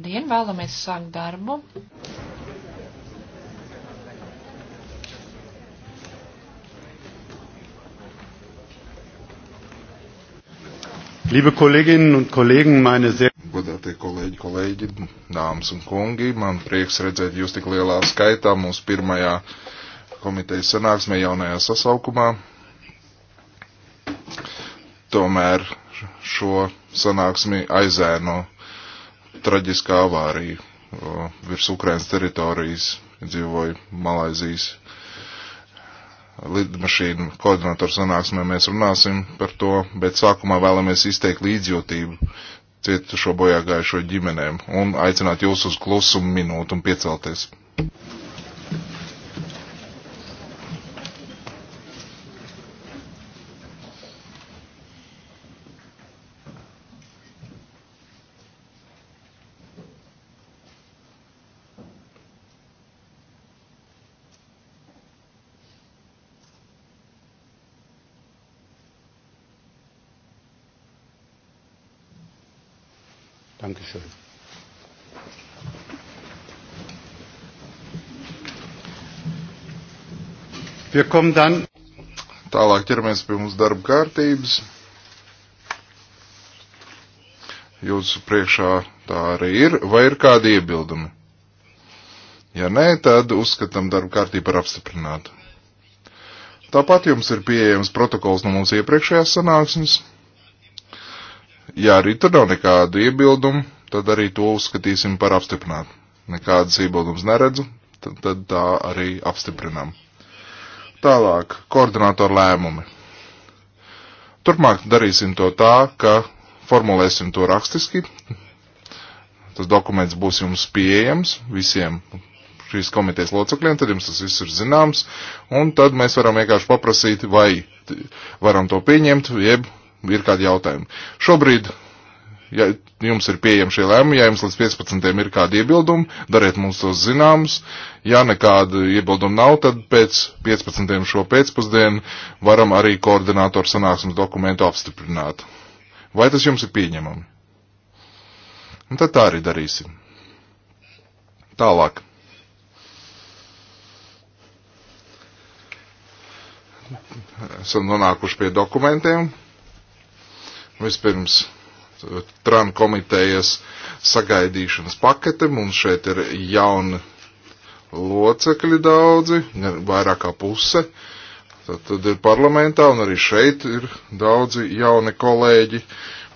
Labdien, vēlamies sākt darbu. Liebe Kolleginnen und Kollegen, meine sehr godātie kolēģi, kolēģi, dāmas un kungi, man prieks redzēt jūs tik lielā skaitā mūsu pirmajā komitejas sanāksmē jaunajā sasaukumā. Tomēr šo sanāksmi aizēno traģiskā avārija virs Ukrainas teritorijas dzīvoja Malaizijas lidmašīnu koordinatoru sanāksmē. Mēs runāsim par to, bet sākumā vēlamies izteikt līdzjūtību cietušo bojā gājušo ģimenēm un aicināt jūs uz klusumu minūtu un piecelties. Dankeschön. Wir kommen dann. Tālāk ķeramies pie mūsu darba kārtības. Jūsu priekšā tā arī ir. Vai ir kādi iebildumi? Ja nē, tad uzskatām darba kārtību par apstiprinātu. Tāpat jums ir pieejams protokols no mūsu iepriekšējās sanāksmes. Ja arī tur nav nekādu iebildumu, tad arī to uzskatīsim par apstiprinātu. Nekādas iebildumus neredzu, tad, tad tā arī apstiprinām. Tālāk, koordinātoru lēmumi. Turpmāk darīsim to tā, ka formulēsim to rakstiski. Tas dokuments būs jums pieejams visiem šīs komitejas locekļiem, tad jums tas viss ir zināms, un tad mēs varam vienkārši paprasīt, vai varam to pieņemt, jeb ir kādi jautājumi. Šobrīd, ja jums ir pieejami šie lēmumi, ja jums līdz 15. ir kādi iebildumi, dariet mums tos zināmus. Ja nekāda iebilduma nav, tad pēc 15. šo pēcpusdienu varam arī koordinātoru sanāksmes dokumentu apstiprināt. Vai tas jums ir pieņemami? Un tad tā arī darīsim. Tālāk. esam nonākuši pie dokumentiem. Vispirms TRAN komitejas sagaidīšanas pakete. Mums šeit ir jauni locekļi daudzi, vairāk kā puse. Tad, tad ir parlamentā un arī šeit ir daudzi jauni kolēģi,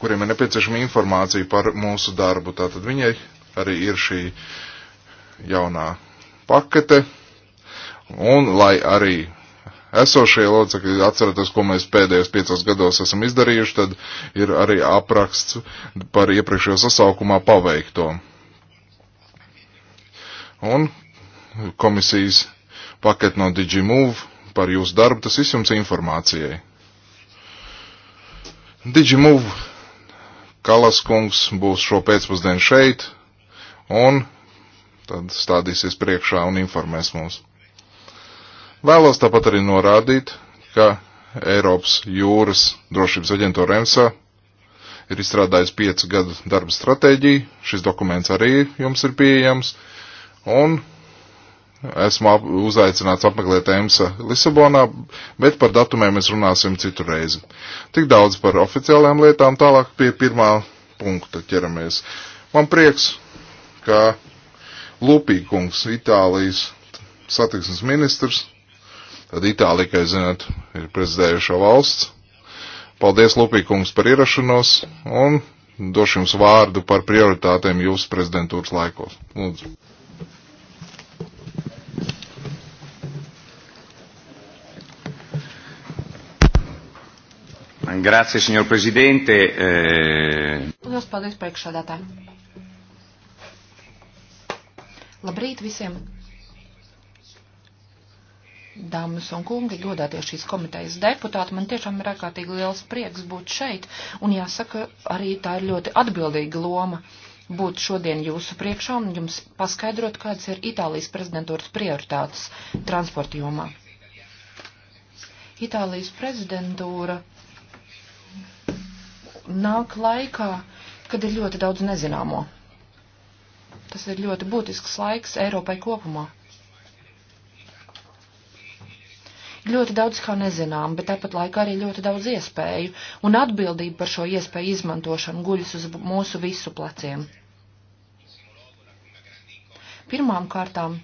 kuriem ir nepieciešama informācija par mūsu darbu. Tātad viņai arī ir šī jaunā pakete. Un lai arī esošie locekļi, atceraties, ko mēs pēdējos piecos gados esam izdarījuši, tad ir arī apraksts par iepriekšējo sasaukumā paveikto. Un komisijas paket no DigiMove par jūsu darbu, tas viss jums informācijai. DigiMove Kalaskungs būs šo pēcpusdienu šeit un tad stādīsies priekšā un informēs mūs. Vēlos tāpat arī norādīt, ka Eiropas jūras drošības aģentūra EMSA ir izstrādājusi piecu gadu darba stratēģiju. Šis dokuments arī jums ir pieejams. Un esmu uzaicināts apmeklēt EMSA Lisabonā, bet par datumiem mēs runāsim citu reizi. Tik daudz par oficiālajām lietām, tālāk pie pirmā punkta ķeramies. Man prieks, ka Lupīkungs, Itālijas satiksmes ministrs, Tad Itālija, kā jūs zināt, ir prezidējušo valsts. Paldies, Lupīkungs, par ierašanos un došu jums vārdu par prioritātēm jūsu prezidentūras laikos. Lūdzu. Grazie, signor Presidente. Eh, Lielas paldies, priekšsādātāji. Labrīt visiem! Dāmas un kungi, godātie šīs komitejas deputāti, man tiešām ir ārkārtīgi liels prieks būt šeit, un jāsaka, arī tā ir ļoti atbildīga loma būt šodien jūsu priekšā un jums paskaidrot, kādas ir Itālijas prezidentūras prioritātes transporta jomā. Itālijas prezidentūra nāk laikā, kad ir ļoti daudz nezināmo. Tas ir ļoti būtisks laiks Eiropai kopumā. Ļoti daudz kā nezinām, bet tāpat laikā arī ļoti daudz iespēju, un atbildība par šo iespēju izmantošanu guļas uz mūsu visu pleciem. Pirmām kārtām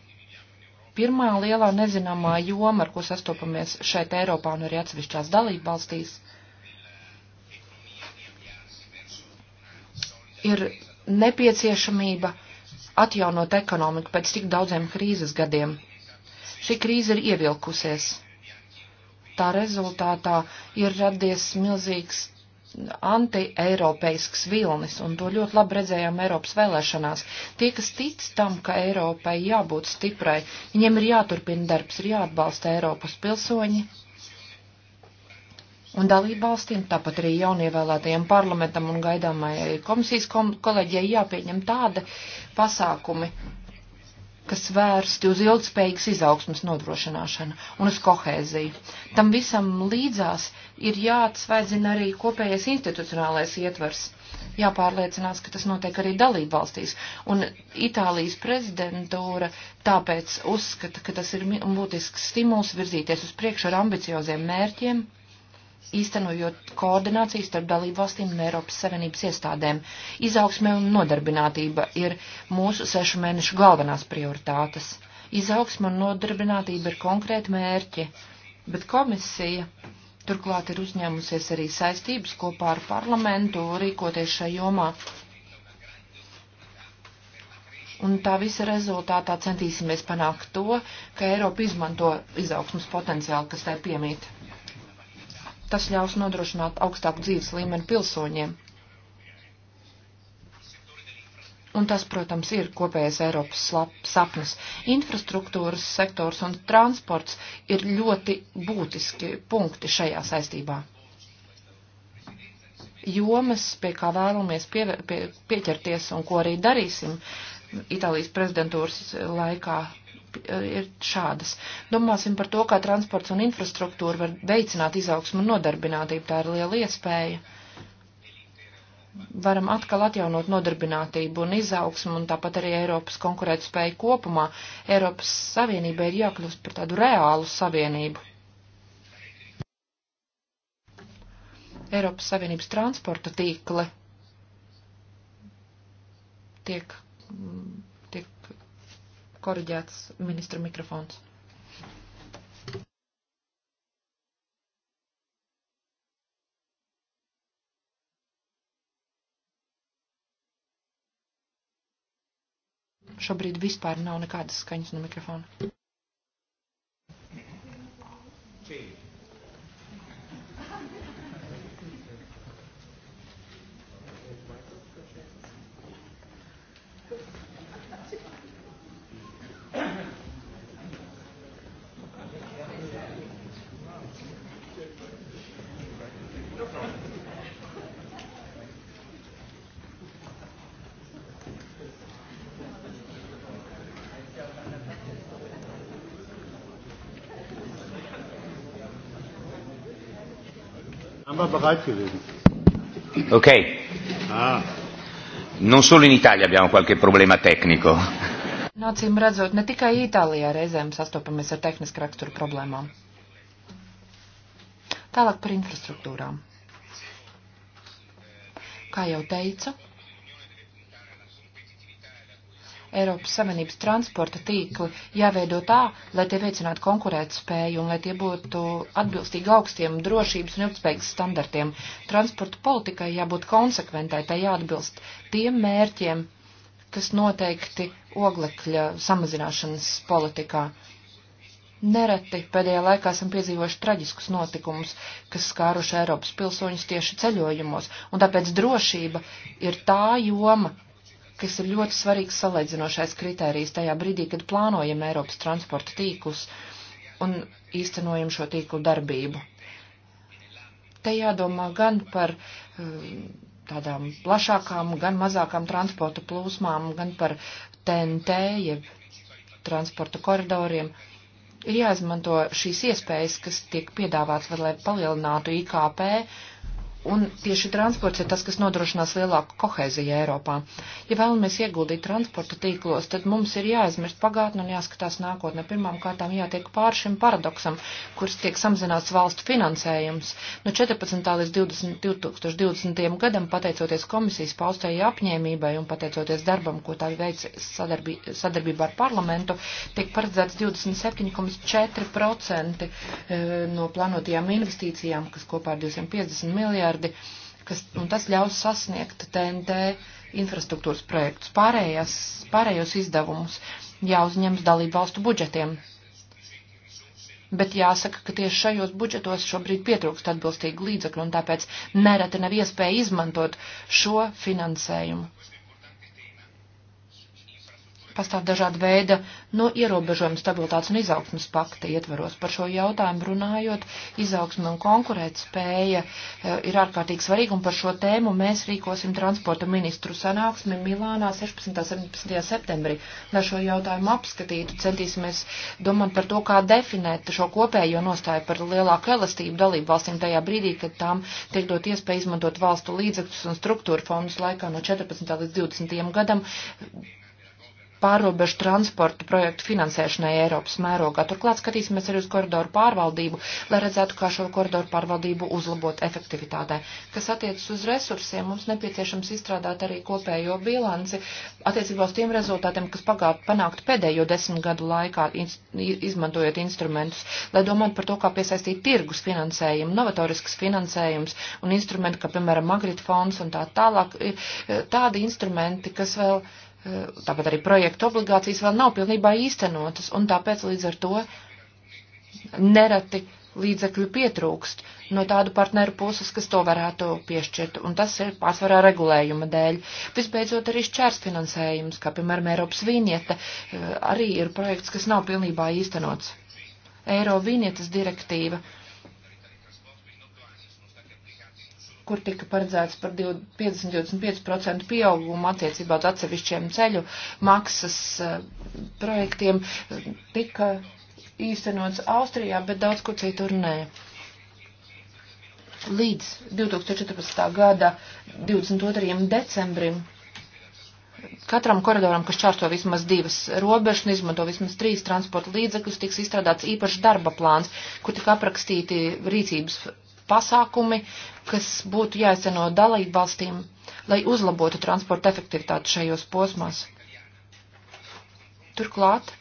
pirmā lielā nezināmā joma, ar ko sastopamies šeit Eiropā un arī atsevišķās dalību valstīs, ir nepieciešamība atjaunot ekonomiku pēc tik daudziem krīzes gadiem. Šī krīze ir ievilkusies, tā rezultātā ir radies milzīgs anti-eiropeisks vilnis, un to ļoti labi redzējām Eiropas vēlēšanās. Tie, kas tic tam, ka Eiropai jābūt stiprai, viņiem ir jāturpina darbs, ir jāatbalsta Eiropas pilsoņi. Un dalībvalstīm, tāpat arī jaunievēlētajiem parlamentam un gaidāmajai komisijas kolēģijai jāpieņem tāda pasākumi, kas vērsti uz ilgspējīgas izaugsmas nodrošināšanu un uz kohēziju. Tam visam līdzās ir jāatsvaidzina arī kopējais institucionālais ietvers. Jāpārliecinās, ka tas notiek arī dalību valstīs. Un Itālijas prezidentūra tāpēc uzskata, ka tas ir būtisks stimuls virzīties uz priekšu ar ambicioziem mērķiem īstenojot koordināciju starp dalību valstīm un Eiropas Savienības iestādēm. Izaugsme un nodarbinātība ir mūsu sešu mēnešu galvenās prioritātes. Izaugsme un nodarbinātība ir konkrēti mērķi, bet komisija turklāt ir uzņēmusies arī saistības kopā ar parlamentu rīkoties šajā jomā. Un tā visa rezultātā centīsimies panākt to, ka Eiropa izmanto izaugsmas potenciālu, kas tai piemīta. Tas ļaus nodrošināt augstāku dzīves līmeni pilsoņiem. Un tas, protams, ir kopējais Eiropas sapnis. Infrastruktūras sektors un transports ir ļoti būtiski punkti šajā saistībā jomas, pie kā vēlamies pie, pie, pieķerties un ko arī darīsim Itālijas prezidentūras laikā ir šādas. Domāsim par to, kā transports un infrastruktūra var veicināt izaugsmu un nodarbinātību. Tā ir liela iespēja. Varam atkal atjaunot nodarbinātību un izaugsmu un tāpat arī Eiropas konkurētspēju kopumā. Eiropas Savienība ir jākļūst par tādu reālu savienību. Eiropas Savienības transporta tīkle tiek koriģēts ministra mikrofons. Šobrīd vispār nav nekādas skaņas no mikrofona. Čīri. bereit gewesen. Ok. Ah. Non solo in Italia abbiamo qualche problema tecnico. Nācīm redzot, ne tikai Itālijā reizēm sastopamies ar tehniska rakstura problēmām. Tālāk par infrastruktūrām. Kā jau teicu, Eiropas Savienības transporta tīkli jāveido tā, lai tie veicinātu konkurētspēju un lai tie būtu atbilstīgi augstiem drošības un ilgspējīgas standartiem. Transporta politikai jābūt konsekventai, tai jāatbilst tiem mērķiem, kas noteikti oglekļa samazināšanas politikā. Nereti pēdējā laikā esam piedzīvojuši traģiskus notikumus, kas skāruši Eiropas pilsoņus tieši ceļojumos, un tāpēc drošība ir tā joma, kas ir ļoti svarīgs salīdzinošais kritērijs tajā brīdī, kad plānojam Eiropas transporta tīklus un īstenojam šo tīklu darbību. Te jādomā gan par um, tādām plašākām, gan mazākām transporta plūsmām, gan par TNT, jeb transporta koridoriem. Ir jāizmanto šīs iespējas, kas tiek piedāvāts, lai palielinātu IKP Un tieši transports ir tas, kas nodrošinās lielāku kohēziju Eiropā. Ja vēlamies ieguldīt transporta tīklos, tad mums ir jāaizmirst pagātni un jāskatās nākotnē. Pirmām kārtām jātiek pār šim paradoksam, kurš tiek samazināts valstu finansējums. No 14. līdz 20, 2020. gadam, pateicoties komisijas paustajai apņēmībai un pateicoties darbam, ko tā veic sadarbī, sadarbībā ar parlamentu, tiek paredzēts 27,4% eh, no planotajām investīcijām, kas kopā ar 250 miljārdiem miljardi, kas, un tas ļaus sasniegt TNT infrastruktūras projektus. Pārējās, pārējos izdevumus jāuzņems dalību valstu budžetiem. Bet jāsaka, ka tieši šajos budžetos šobrīd pietrūkst atbilstīgi līdzekļu, un tāpēc nereti nav iespēja izmantot šo finansējumu pastāv dažāda veida no ierobežojuma stabilitātes un izaugsmas pakta ietvaros. Par šo jautājumu runājot, izaugsma un konkurētspēja eh, ir ārkārtīgi svarīga, un par šo tēmu mēs rīkosim transporta ministru sanāksmi Milānā 16. un 17. septembrī. Lai šo jautājumu apskatītu, centīsimies domāt par to, kā definēt šo kopējo nostāju par lielāku elastību dalību valstīm tajā brīdī, kad tām tiek dot iespēja izmantot valstu līdzekļus un struktūra fondus laikā no 14. līdz 20. gadam pārobežu transportu projektu finansēšanai Eiropas mērogā. Turklāt skatīsimies arī uz koridoru pārvaldību, lai redzētu, kā šo koridoru pārvaldību uzlabot efektivitātē. Kas attiecas uz resursiem, mums nepieciešams izstrādāt arī kopējo bilanci attiecībā uz tiem rezultātiem, kas pagāt, panākt pēdējo desmit gadu laikā, ins, izmantojot instrumentus, lai domātu par to, kā piesaistīt tirgus finansējumu, novatorisks finansējums un instrumenti, kā piemēram Magritte fonds un tā tālāk, tādi instrumenti, kas vēl tāpat arī projektu obligācijas vēl nav pilnībā īstenotas, un tāpēc līdz ar to nereti līdzekļu pietrūkst no tādu partneru puses, kas to varētu piešķirt, un tas ir pārsvarā regulējuma dēļ. Visbeidzot, arī šķērs finansējums, kā piemēram Eiropas vīnieta, eh, arī ir projekts, kas nav pilnībā īstenots. Eiro vīnietas direktīva kur tika paredzēts par 50-25% pieaugumu attiecībā uz atsevišķiem ceļu maksas eh, projektiem, eh, tika īstenots Austrijā, bet daudz kur citur nē līdz 2014. gada 22. decembrim katram koridoram, kas čārto vismaz divas robežas un izmanto vismaz trīs transporta līdzekļus, tiks izstrādāts īpašs darba plāns, kur tika aprakstīti rīcības pasākumi, kas būtu jāizceno dalību valstīm, lai uzlabotu transporta efektivitāti šajos posmās. Turklāt,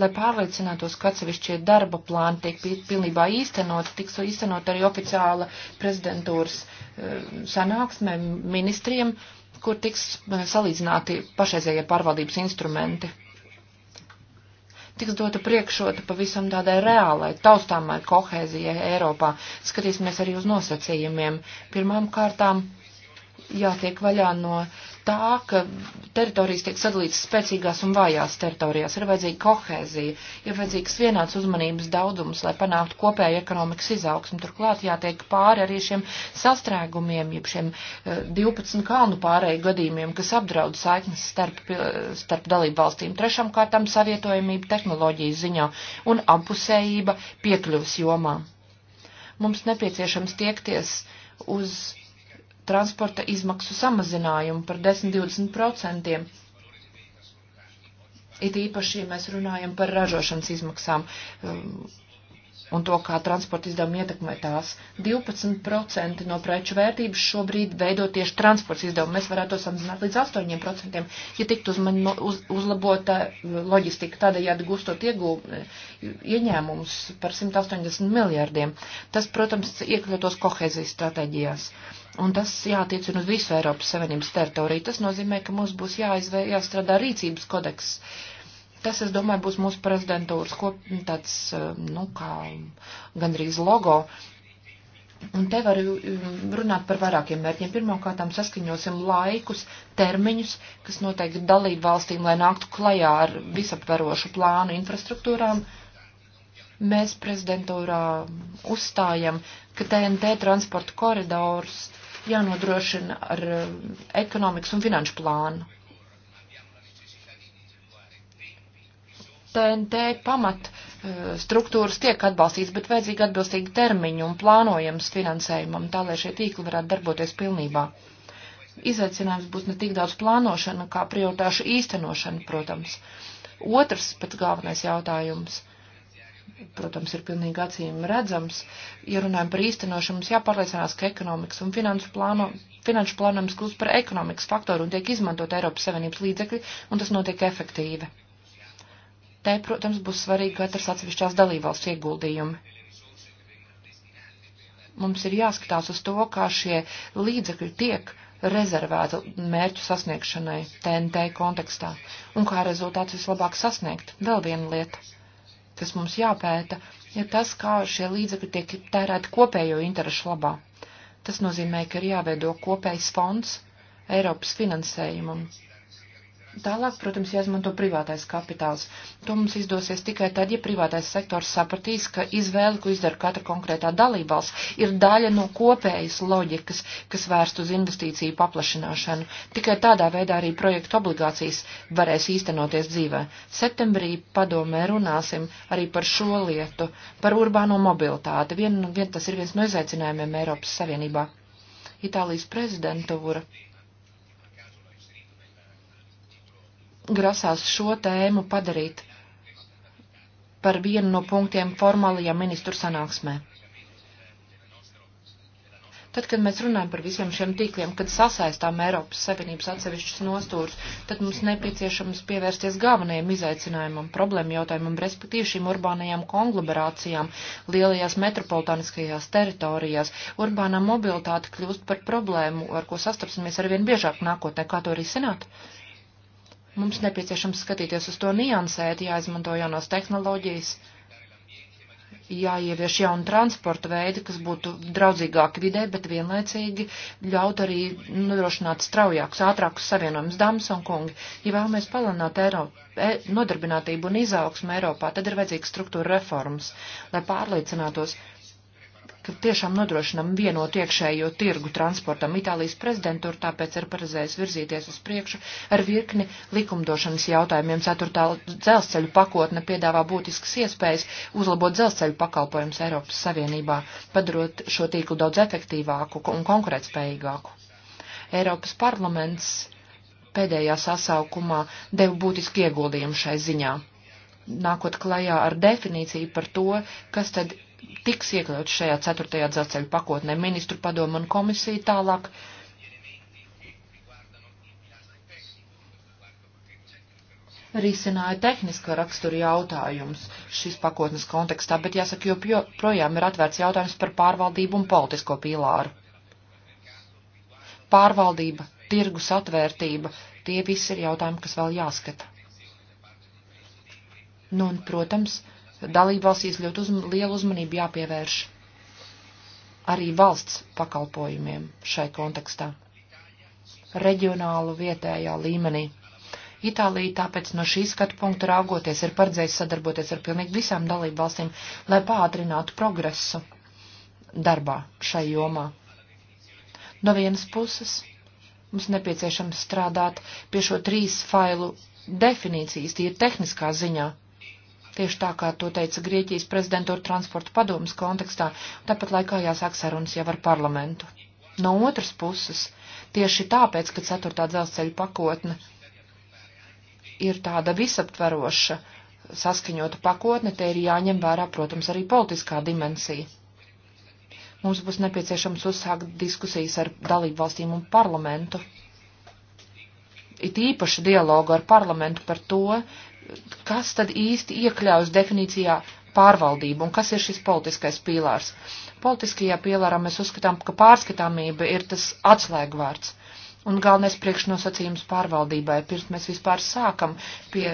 lai pārliecinātos, ka atsevišķie darba plāni tiek pilnībā īstenot, tiks īstenot arī oficiāla prezidentūras eh, sanāksme ministriem, kur tiks eh, salīdzināti pašreizējie pārvaldības instrumenti tiks dota priekšrota pavisam tādai reālai, taustāmai kohēzijai Eiropā. Skatīsimies arī uz nosacījumiem. Pirmām kārtām jātiek vaļā no tā, ka teritorijas tiek sadalītas spēcīgās un vājās teritorijās. Ir vajadzīga kohēzija, ir vajadzīgs vienāds uzmanības daudzums, lai panāktu kopēju ekonomikas izaugsmu. Turklāt jātiek pāri arī šiem sastrēgumiem, jeb šiem 12 eh, kalnu pārēju gadījumiem, kas apdraud saiknes starp, starp dalību valstīm. Trešām kārtām savietojamība tehnoloģijas ziņā un apusējība piekļuvas jomā. Mums nepieciešams tiekties uz transporta izmaksu samazinājumu par 10-20%. It īpaši, ja mēs runājam par ražošanas izmaksām. Um, un to, kā transporta izdevumi ietekmē tās. 12% no preču vērtības šobrīd veido tieši transporta izdevumi. Mēs varētu to samazināt līdz 8%, ja tiktu uzman, uz, uzlabota eh, loģistika, tādējādi gustot iegū, ieņēmumus par 180 miljārdiem. Tas, protams, iekļautos kohēzijas stratēģijās. Un tas jātiecina uz visu Eiropas Savienības teritoriju. Tas nozīmē, ka mums būs jāizvē, jāstrādā rīcības kodeks Tas, es domāju, būs mūsu prezidentūras kop, tāds, eh, nu, kā gandrīz logo. Un te var mm, runāt par vairākiem mērķiem. Pirmkārt, saskaņosim laikus, termiņus, kas noteikti dalību valstīm, lai nāktu klajā ar visaptverošu plānu infrastruktūrām. Mēs prezidentūrā uzstājam, ka TNT transporta koridors jānodrošina ar eh, ekonomikas un finanšu plānu TNT pamat e, struktūras tiek atbalstīts, bet vajadzīgi atbilstīgi termiņu un plānojams finansējumam, tā lai šie tīkli varētu darboties pilnībā. Izaicinājums būs ne tik daudz plānošana, kā prioritāšu īstenošana, protams. Otrs pats galvenais jautājums protams, ir pilnīgi acīm redzams. Ja runājam par īstenošanu, mums jāpārliecinās, ka ekonomikas un finanšu, plāno, finanšu plānojums kļūst par ekonomikas faktoru un tiek izmantot Eiropas Savienības līdzekļi, un tas notiek efektīvi. Te, protams, būs svarīgi katrs atsevišķās dalībvalsts ieguldījumi. Mums ir jāskatās uz to, kā šie līdzekļi tiek rezervēta mērķu sasniegšanai TNT kontekstā un kā rezultāts vislabāk sasniegt. Vēl viena lieta, kas mums jāpēta, ir tas, kā šie līdzekļi tiek tērēti kopējo interešu labā. Tas nozīmē, ka ir jāveido kopējs fonds Eiropas finansējumam Tālāk, protams, jāizmanto privātais kapitāls. To mums izdosies tikai tad, ja privātais sektors sapratīs, ka izvēle, ko izdara katra konkrētā dalībvalsts, ir daļa no kopējas loģikas, kas vērst uz investīciju paplašināšanu. Tikai tādā veidā arī projektu obligācijas varēs īstenoties dzīvē. Septembrī padomē runāsim arī par šo lietu, par urbāno mobilitāti. Vien, vien tas ir viens no izaicinājumiem Eiropas Savienībā. Itālijas prezidentūra. grasās šo tēmu padarīt par vienu no punktiem formālajā ministru sanāksmē. Tad, kad mēs runājam par visiem šiem tīkliem, kad sasaistām Eiropas Savienības atsevišķus nostūrus, tad mums nepieciešams pievērsties galvenajam izaicinājumam, problēmu jautājumam, respektīvi šīm urbānajām konglomerācijām, lielajās metropolitāniskajās teritorijās. Urbānā mobilitāte kļūst par problēmu, ar ko sastapsimies arvien biežāk nākotnē. Kā to risināt? sināt? Mums nepieciešams skatīties uz to niansēt, jāizmanto jaunās tehnoloģijas, jāievieš jauni transporta veidi, kas būtu draudzīgāki vidē, bet vienlaicīgi ļaut arī nodrošināt straujākus, ātrākus savienojumus. Dāmas un kungi, ja vēlamies palielināt Eiropu, e, nodarbinātību un izaugsmu Eiropā, tad ir vajadzīgs struktūra reformas, lai pārliecinātos, ka tiešām nodrošinam vienotu iekšējo tirgu transportam. Itālijas prezidentūra tāpēc ir paredzējis virzīties uz priekšu ar virkni likumdošanas jautājumiem. Ceturtā dzelzceļu pakotne piedāvā būtiskas iespējas uzlabot dzelzceļu pakalpojumus Eiropas Savienībā, padarot šo tīklu daudz efektīvāku un konkurētspējīgāku. Eiropas parlaments pēdējā sasaukumā deva būtisku ieguldījumu šai ziņā nākot klajā ar definīciju par to, kas tad tiks iekļauts šajā ceturtajā dzelzceļa pakotnē ministru padomu un komisiju tālāk. risināja tehniska rakstura jautājums šīs pakotnes kontekstā, bet jāsaka, jo projām ir atvērts jautājums par pārvaldību un politisko pīlāru. Pārvaldība, tirgus atvērtība, tie visi ir jautājumi, kas vēl jāskata. Nu un, protams, uh, dalībvalstīs ļoti uzm lielu uzmanību jāpievērš arī valsts pakalpojumiem šai kontekstā, reģionālu vietējā līmenī. Itālija tāpēc no šī skatu punktu raugoties ir paredzējusi sadarboties ar pilnīgi visām dalībvalstīm, lai pātrinātu progresu darbā šai jomā. No vienas puses mums nepieciešams strādāt pie šo trīs failu definīcijas, tie ir tehniskā ziņā Tieši tā, kā to teica Grieķijas prezidentūra transporta padomas kontekstā, tāpat laikā jāsāk sarunas jau ar parlamentu. No otras puses, tieši tāpēc, ka ceturtā dzelzceļa pakotne ir tāda visaptveroša, saskaņota pakotne, te ir jāņem vērā, protams, arī politiskā dimensija. Mums būs nepieciešams uzsākt diskusijas ar dalību valstīm un parlamentu it īpaši dialogu ar parlamentu par to, kas tad īsti iekļaujas definīcijā pārvaldība un kas ir šis politiskais pīlārs. Politiskajā pīlārā mēs uzskatām, ka pārskatāmība ir tas atslēgvārds. Un galvenais priekšnosacījums pārvaldībai, pirms mēs vispār sākam pie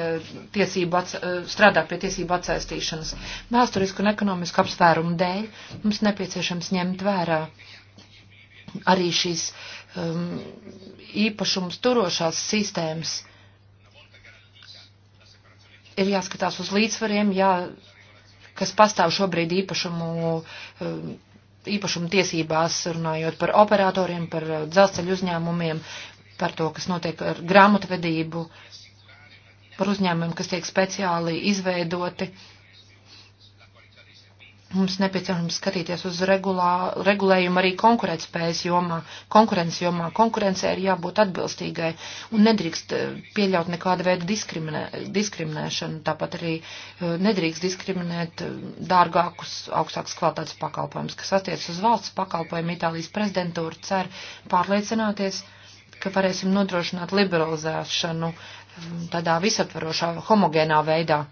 tiesību ats, eh, strādāt pie tiesību atsaistīšanas, vēsturisku un ekonomisku apsvērumu dēļ mums nepieciešams ņemt vērā arī šīs um, īpašums turošās sistēmas. Ir jāskatās uz līdzsvariem, jā, kas pastāv šobrīd īpašumu, um, īpašumu tiesībās, runājot par operatoriem, par uh, dzelzceļu uzņēmumiem, par to, kas notiek ar grāmatvedību, par uzņēmumiem, kas tiek speciāli izveidoti. Uh, Mums nepieciešams skatīties uz regulā, regulējumu arī konkurētspējas jomā, konkurences jomā. Konkurencei ir jābūt atbilstīgai un nedrīkst eh, pieļaut nekāda veida diskriminē, diskriminēšanu, tāpat arī eh, nedrīkst diskriminēt eh, dārgākus, augstākas kvalitātes pakalpojumus, kas attiecas uz valsts pakalpojumu. Itālijas prezidentūra cer pārliecināties, ka varēsim nodrošināt liberalizēšanu tādā visaptvarošā, homogēnā veidā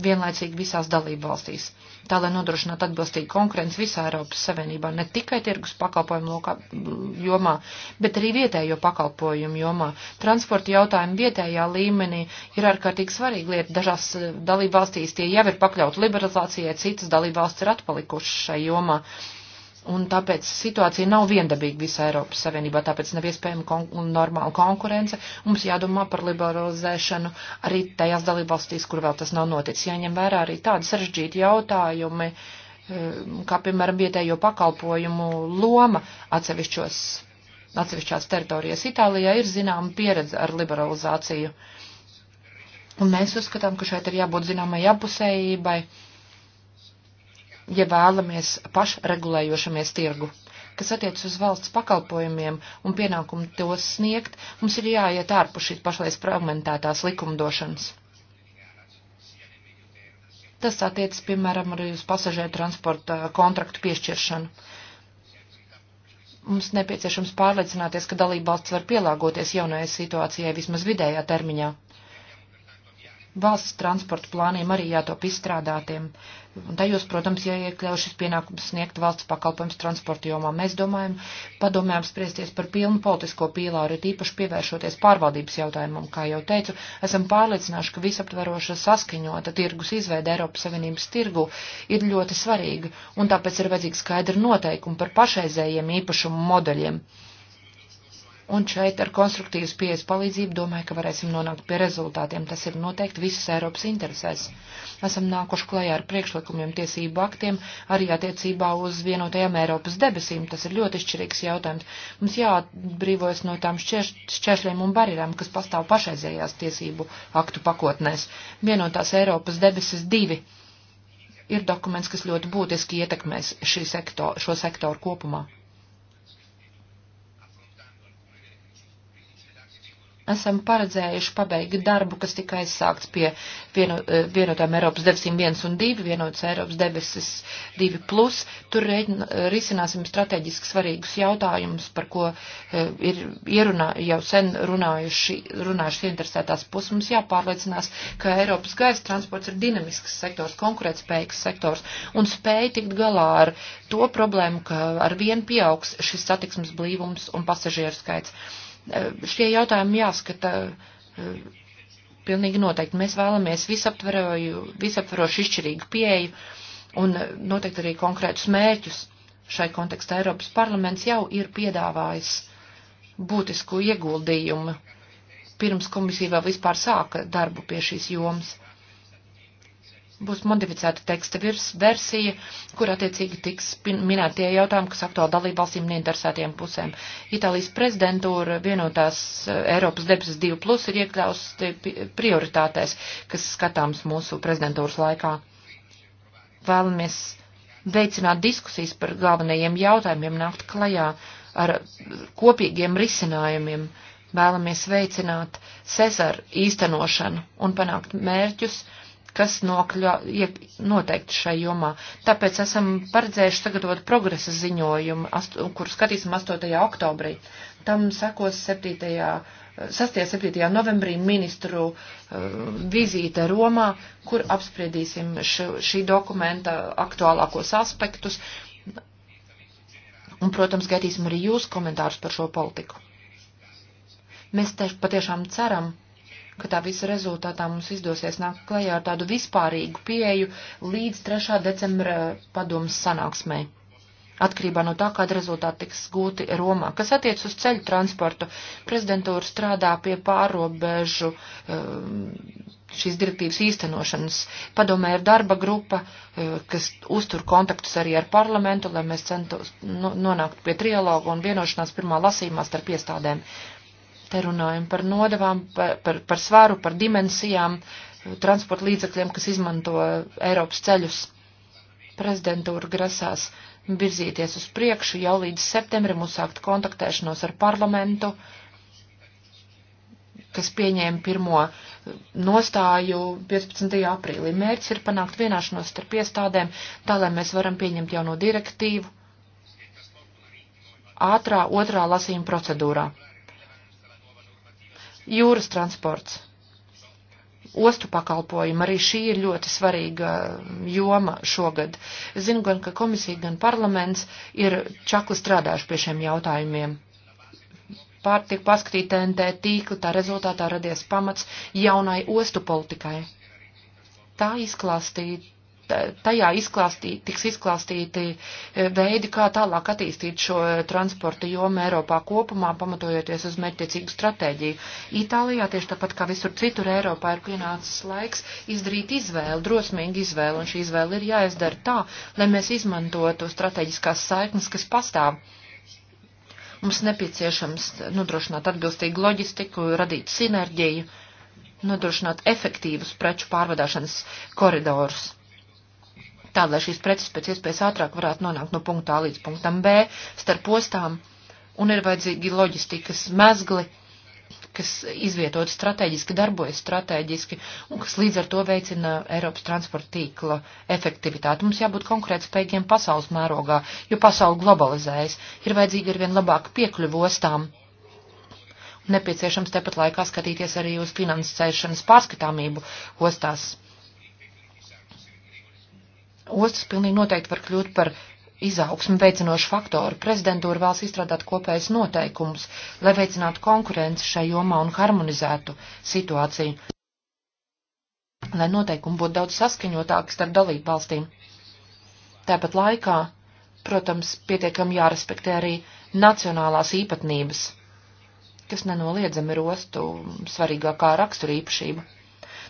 vienlaicīgi visās dalību valstīs, tā lai nodrošinātu atbilstīgu konkurenci visā Eiropas Savienībā, ne tikai tirgus pakalpojumu lokā, jomā, bet arī vietējo pakalpojumu jomā. Transporta jautājumi vietējā līmenī ir ārkārtīgi svarīga lieta. Dažās eh, dalību valstīs tie jau ir pakļauti liberalizācijai, citas dalību valsts ir atpalikušas šai jomā. Uh, Un tāpēc situācija nav viendabīga visā Eiropas Savienībā, tāpēc nav iespējama kon normāla konkurence. Mums jādomā par liberalizēšanu arī tajās dalībvalstīs, kur vēl tas nav noticis. Jāņem vērā arī tādi sarežģīti jautājumi, um, kā piemēram vietējo pakalpojumu loma atsevišķos, atsevišķās teritorijas. Itālijā ir zināma pieredze ar liberalizāciju. Un mēs uzskatām, ka šeit ir jābūt zināmai apusējībai. Ja ja vēlamies pašregulējošamies tirgu kas attiecas uz valsts pakalpojumiem un pienākumu tos sniegt, mums ir jāiet ārpus šīs pašlais fragmentētās likumdošanas. Tas attiecas, piemēram, arī uz pasažēru transporta kontraktu piešķiršanu. Mums nepieciešams pārliecināties, ka dalībvalsts var pielāgoties jaunajai situācijai vismaz vidējā termiņā valsts transporta plāniem arī jātop izstrādātiem. Un tajos, protams, jāiekļauj šis pienākums sniegt valsts pakalpojums transporta jomā. Mēs domājam, padomājam spriesties par pilnu politisko pīlāru, ir īpaši pievēršoties pārvaldības jautājumam, kā jau teicu, esam pārliecināti, ka visaptveroša saskaņota tirgus izveida Eiropas Savienības tirgu ir ļoti svarīga, un tāpēc ir vajadzīgi skaidri noteikumi par pašreizējiem īpašumu modeļiem un šeit ar konstruktīvas pieejas palīdzību domāju, ka varēsim nonākt pie rezultātiem. Tas ir noteikti visas Eiropas interesēs. Esam nākuši klajā ar priekšlikumiem tiesību aktiem, arī attiecībā uz vienotajām Eiropas debesīm. Tas ir ļoti izšķirīgs jautājums. Mums jāatbrīvojas no tām šķieš, šķēršļiem un barjerām, kas pastāv pašreizējās tiesību aktu pakotnēs. Vienotās Eiropas debesis divi ir dokuments, kas ļoti būtiski ietekmēs sektor, šo sektoru kopumā. esam paredzējuši pabeigt darbu, kas tika aizsākts pie vieno, eh, vienotām Eiropas debesīm 1 un 2, vienotas Eiropas debesis 2. Plus. Tur rēģin, risināsim strateģiski svarīgus jautājumus, par ko eh, ir ierunā, jau sen runājuši, runājuši interesētās puses. Mums jāpārliecinās, ka Eiropas gaisa transports ir dinamisks sektors, konkurētspējīgs sektors un spēja tikt galā ar to problēmu, ka ar vienu pieaugs šis satiksmes blīvums un pasažieru skaits Eh, šie jautājumi jāskata eh, pilnīgi noteikti. Mēs vēlamies visaptverošu izšķirīgu pieeju un eh, noteikti arī konkrētus mērķus. Šai kontekstā Eiropas parlaments jau ir piedāvājis būtisku ieguldījumu pirms komisija vēl vispār sāka darbu pie šīs jomas būs modificēta teksta virs versija, kur attiecīgi tiks minēt tie jautājumi, kas aktuāli dalībvalstīm un interesētiem pusēm. Itālijas prezidentūra vienotās eh, Eiropas debesis 2 plus ir iekļausti prioritātēs, kas skatāms mūsu prezidentūras laikā. Vēlamies veicināt diskusijas par galvenajiem jautājumiem, nākt klajā ar kopīgiem risinājumiem. Vēlamies veicināt Cezara īstenošanu un panākt mērķus, uh, kas nokļa, iep, noteikti šai jomā. Tāpēc esam paredzējuši sagatavot progresa ziņojumu, ast, kur skatīsim 8. oktobrī. Tam sekos 7. 6. 7. novembrī ministru uh, vizīte Romā, kur apspriedīsim š, šī dokumenta aktuālākos aspektus. Un, protams, gaidīsim arī jūsu komentārus par šo politiku. Mēs patiešām ceram, ka tā visa rezultātā mums izdosies nākt klajā ar tādu vispārīgu pieeju līdz 3. decembra padomas sanāksmē. Atkarībā no tā, kāda rezultāta tiks gūti Romā. Kas attiec uz ceļu transportu, prezidentūra strādā pie pārobežu um, šīs direktīvas īstenošanas. Padomē ir darba grupa, uh, kas uztur kontaktus arī ar parlamentu, lai mēs centos nonākt pie trialoga un vienošanās pirmā lasīmā starp iestādēm. Te runājam par nodavām, par, par, par svaru, par dimensijām, transporta līdzakļiem, kas izmanto Eiropas ceļus. Prezidentūra grasās virzīties uz priekšu jau līdz septembrim uzsākt kontaktēšanos ar parlamentu, kas pieņēma pirmo nostāju 15. aprīlī. Mērķis ir panākt vienāšanos starp iestādēm, tā lai mēs varam pieņemt jauno direktīvu ātrā otrā lasījuma procedūrā. Jūras transports, ostu pakalpojumi, arī šī ir ļoti svarīga joma šogad. Es zinu gan, ka komisija, gan parlaments ir čakli strādājuši pie šiem jautājumiem pār tiek paskatīta NT tīkla, tā rezultātā radies pamats jaunai ostu politikai. Tā izklāstīja tajā izklāstīt, tiks izklāstīti e, veidi, kā tālāk attīstīt šo e, transporta jomu Eiropā kopumā, pamatojoties uz mērķtiecīgu stratēģiju. Itālijā, tieši tāpat kā visur citur Eiropā, ir pienācis laiks izdarīt izvēli, drosmīgi izvēli, un šī izvēle ir jāizdara tā, lai mēs izmantotu strateģiskās saiknes, kas pastāv mums nepieciešams nodrošināt atbilstīgu loģistiku, radīt sinerģiju, nodrošināt efektīvus preču pārvadāšanas koridorus tā, lai šīs preces pēc iespējas ātrāk varētu nonākt no punktā A līdz punktam B starp ostām, un ir vajadzīgi loģistikas mezgli, kas izvietot strateģiski, darbojas strateģiski, un kas līdz ar to veicina Eiropas transporta tīkla efektivitāti. Mums jābūt konkrēt spējīgiem pasaules mērogā, jo pasauli globalizējas, ir vajadzīgi arvien labāk piekļuvu ostām nepieciešams tepat laikā skatīties arī uz finansēšanas pārskatāmību ostās ostas pilnīgi noteikti var kļūt par izaugsmu veicinošu faktoru. Prezidentūra vēlas izstrādāt kopējas noteikumus, lai veicinātu konkurenci šai jomā un harmonizētu situāciju, lai noteikumi būtu daudz saskaņotāki starp dalību valstīm. Tāpat laikā, protams, pietiekami jārespektē arī nacionālās īpatnības, kas nenoliedzami ir ostu svarīgākā raksturīpašība. īpašība.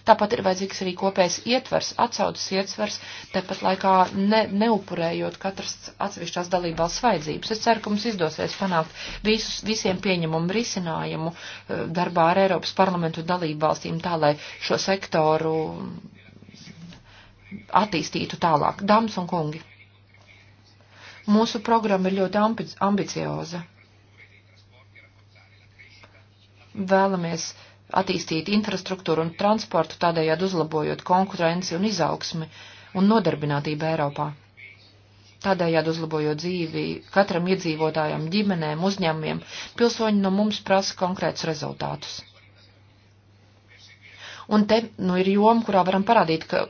Tāpat ir vajadzīgs arī kopējs ietvers, atsaudas ietvers, tāpat laikā ne, neupurējot katras atsevišķās dalībvalsts vajadzības. Es ceru, ka mums izdosies panākt visus, visiem pieņemumu risinājumu eh, darbā ar Eiropas parlamentu dalībvalstīm tā, lai šo sektoru attīstītu tālāk. Dāmas un kungi, mūsu programma ir ļoti ambic ambicioza. Vēlamies uh, attīstīt infrastruktūru un transportu, tādējādi uzlabojot konkurenci un izaugsmi un nodarbinātību Eiropā. Tādējādi uzlabojot dzīvi katram iedzīvotājam, ģimenēm, uzņēmumiem, pilsoņi no mums prasa konkrētus rezultātus. Un te nu, ir joma, kurā varam parādīt, ka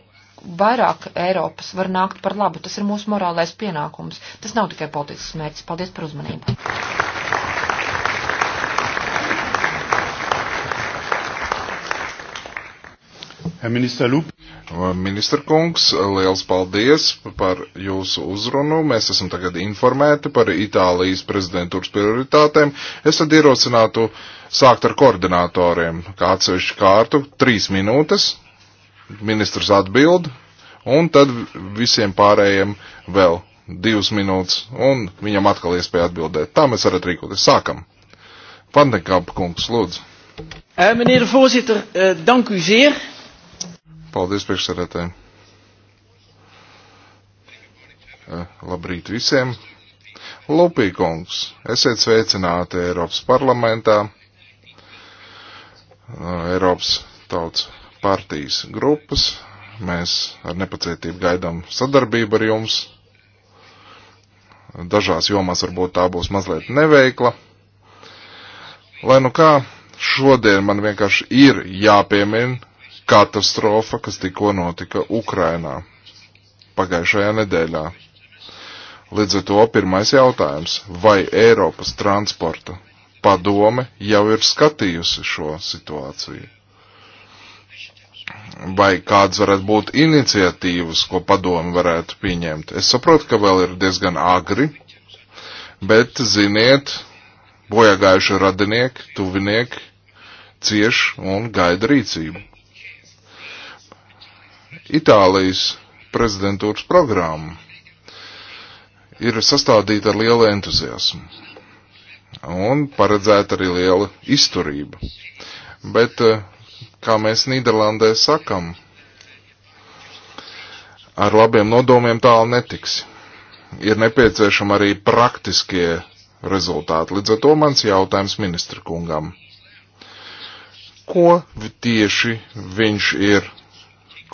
vairāk Eiropas var nākt par labu. Tas ir mūsu morālais pienākums. Tas nav tikai politisks mērķis. Paldies par uzmanību! Ministra Lup. Ministra kungs, liels paldies par jūsu uzrunu. Mēs esam tagad informēti par Itālijas prezidentūras prioritātēm. Es tad ierosinātu sākt ar koordinatoriem. Kā atsevišķu kārtu, trīs minūtes, ministrs atbild, un tad visiem pārējiem vēl divas minūtes, un viņam atkal iespēja atbildēt. Tā mēs varat rīkoties. Sākam. Vandenkāpa kungs, lūdzu. Uh, meneer de voorzitter, uh, dank u zeer. Paldies priekšsarētājiem. Eh, labrīt visiem. Lupīkungs, esiet sveicināti Eiropas parlamentā, eh, Eiropas tautas partijas grupas. Mēs ar nepacietību gaidām sadarbību ar jums. Dažās jomās varbūt tā būs mazliet neveikla. Lai nu kā, šodien man vienkārši ir jāpiemina katastrofa, kas tikko notika Ukrainā pagājušajā nedēļā. Līdz ar to pirmais jautājums, vai Eiropas transporta padome jau ir skatījusi šo situāciju? Vai kādas varētu būt iniciatīvas, ko padomi varētu pieņemt? Es saprotu, ka vēl ir diezgan agri, bet ziniet, bojāgājuši radinieki, tuvinieki cieš un gaida rīcību. Itālijas prezidentūras programma ir sastādīta ar lielu entuziasmu un paredzēta arī liela izturība. Bet, eh, kā mēs Nīderlandē sakam, ar labiem nodomiem tālu netiks. Ir nepieciešama arī praktiskie rezultāti. Līdz ar to mans jautājums ministra kungam. Ko tieši viņš ir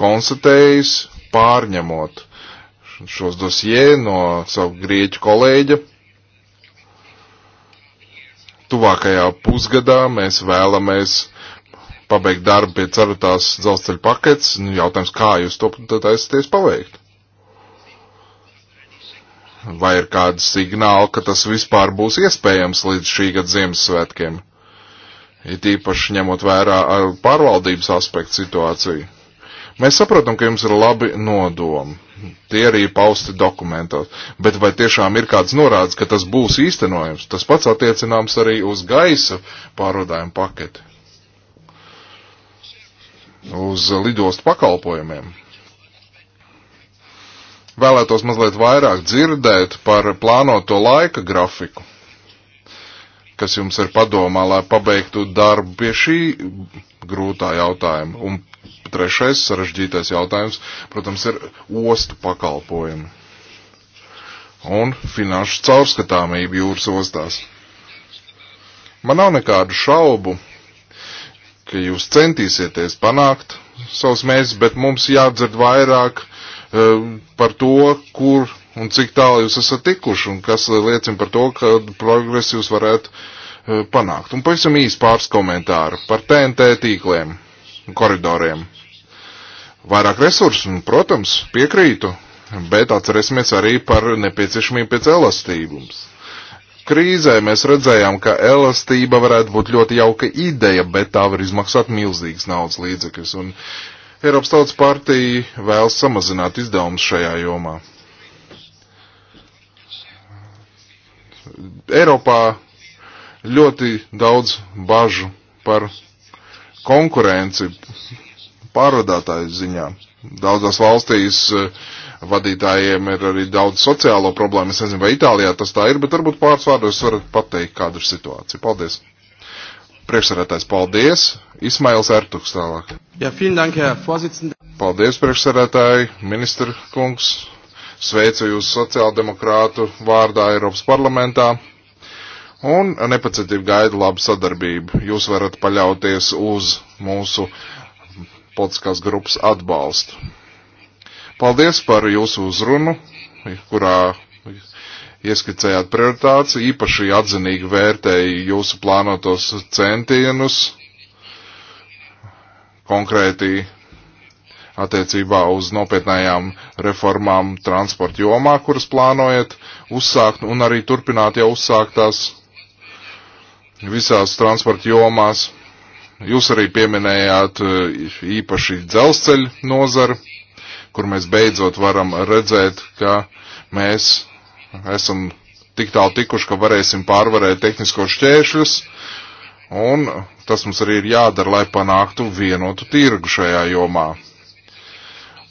konstatējis, pārņemot šos dosie no savu grieķu kolēģa. Tuvākajā pusgadā mēs vēlamies pabeigt darbu pie ceratās dzelzceļa paketes. Nu, jautājums, kā jūs to taisties paveikt? Vai ir kādi signāli, ka tas vispār būs iespējams līdz šī gada Ziemassvētkiem? It īpaši ņemot vērā pārvaldības aspektu situāciju. Mēs saprotam, ka jums ir labi nodomi. Tie arī pausti dokumentos. Bet vai tiešām ir kāds norāds, ka tas būs īstenojams? Tas pats attiecināms arī uz gaisa pārvadājumu paketi. Uz lidostu pakalpojumiem. Vēlētos mazliet vairāk dzirdēt par plānoto laika grafiku, kas jums ir padomā, lai pabeigtu darbu pie šī grūtā jautājuma. Un Trešais sarežģītais jautājums, protams, ir ostu pakalpojumi un finanšu caurskatāmība jūras ostās. Man nav nekādu šaubu, ka jūs centīsieties panākt savus mērķus, bet mums jādzird vairāk uh, par to, kur un cik tālu jūs esat tikuši un kas liecina par to, ka progresu jūs varētu uh, panākt. Un pavisam īsi pāris komentāru par TNT tīkliem un koridoriem vairāk resursu, un, protams, piekrītu, bet atcerēsimies arī par nepieciešamību pēc elastības. Krīzē mēs redzējām, ka elastība varētu būt ļoti jauka ideja, bet tā var izmaksāt milzīgas naudas līdzekļus, un Eiropas Tautas partija vēlas samazināt izdevumus šajā jomā. Eiropā ļoti daudz bažu par konkurenci pārvadātāju ziņā. Daudzās valstīs eh, vadītājiem ir arī daudz sociālo problēmu. Es nezinu, vai Itālijā tas tā ir, bet varbūt pāris vārdos varat pateikt, kāda ir situācija. Paldies! Priekšsarētājs, paldies! Ismails Ertuks tālāk. Ja, dank, paldies, priekšsarētāji, ministra kungs! Sveicu jūs sociāldemokrātu vārdā Eiropas parlamentā un nepacietību gaida labu sadarbību. Jūs varat paļauties uz mūsu politiskās grupas atbalstu. Paldies par jūsu uzrunu, kurā ieskicējāt prioritātes, īpaši atzinīgi vērtēju jūsu plānotos centienus konkrēti attiecībā uz nopietnējām reformām transporta jomā, kuras plānojat uzsākt un arī turpināt jau uzsāktās visās transporta jomās. Jūs arī pieminējāt eh, īpaši dzelzceļa nozaru, kur mēs beidzot varam redzēt, ka mēs esam tik tālu tikuši, ka varēsim pārvarēt tehnisko šķēršļus, un tas mums arī ir jādara, lai panāktu vienotu tirgu šajā jomā.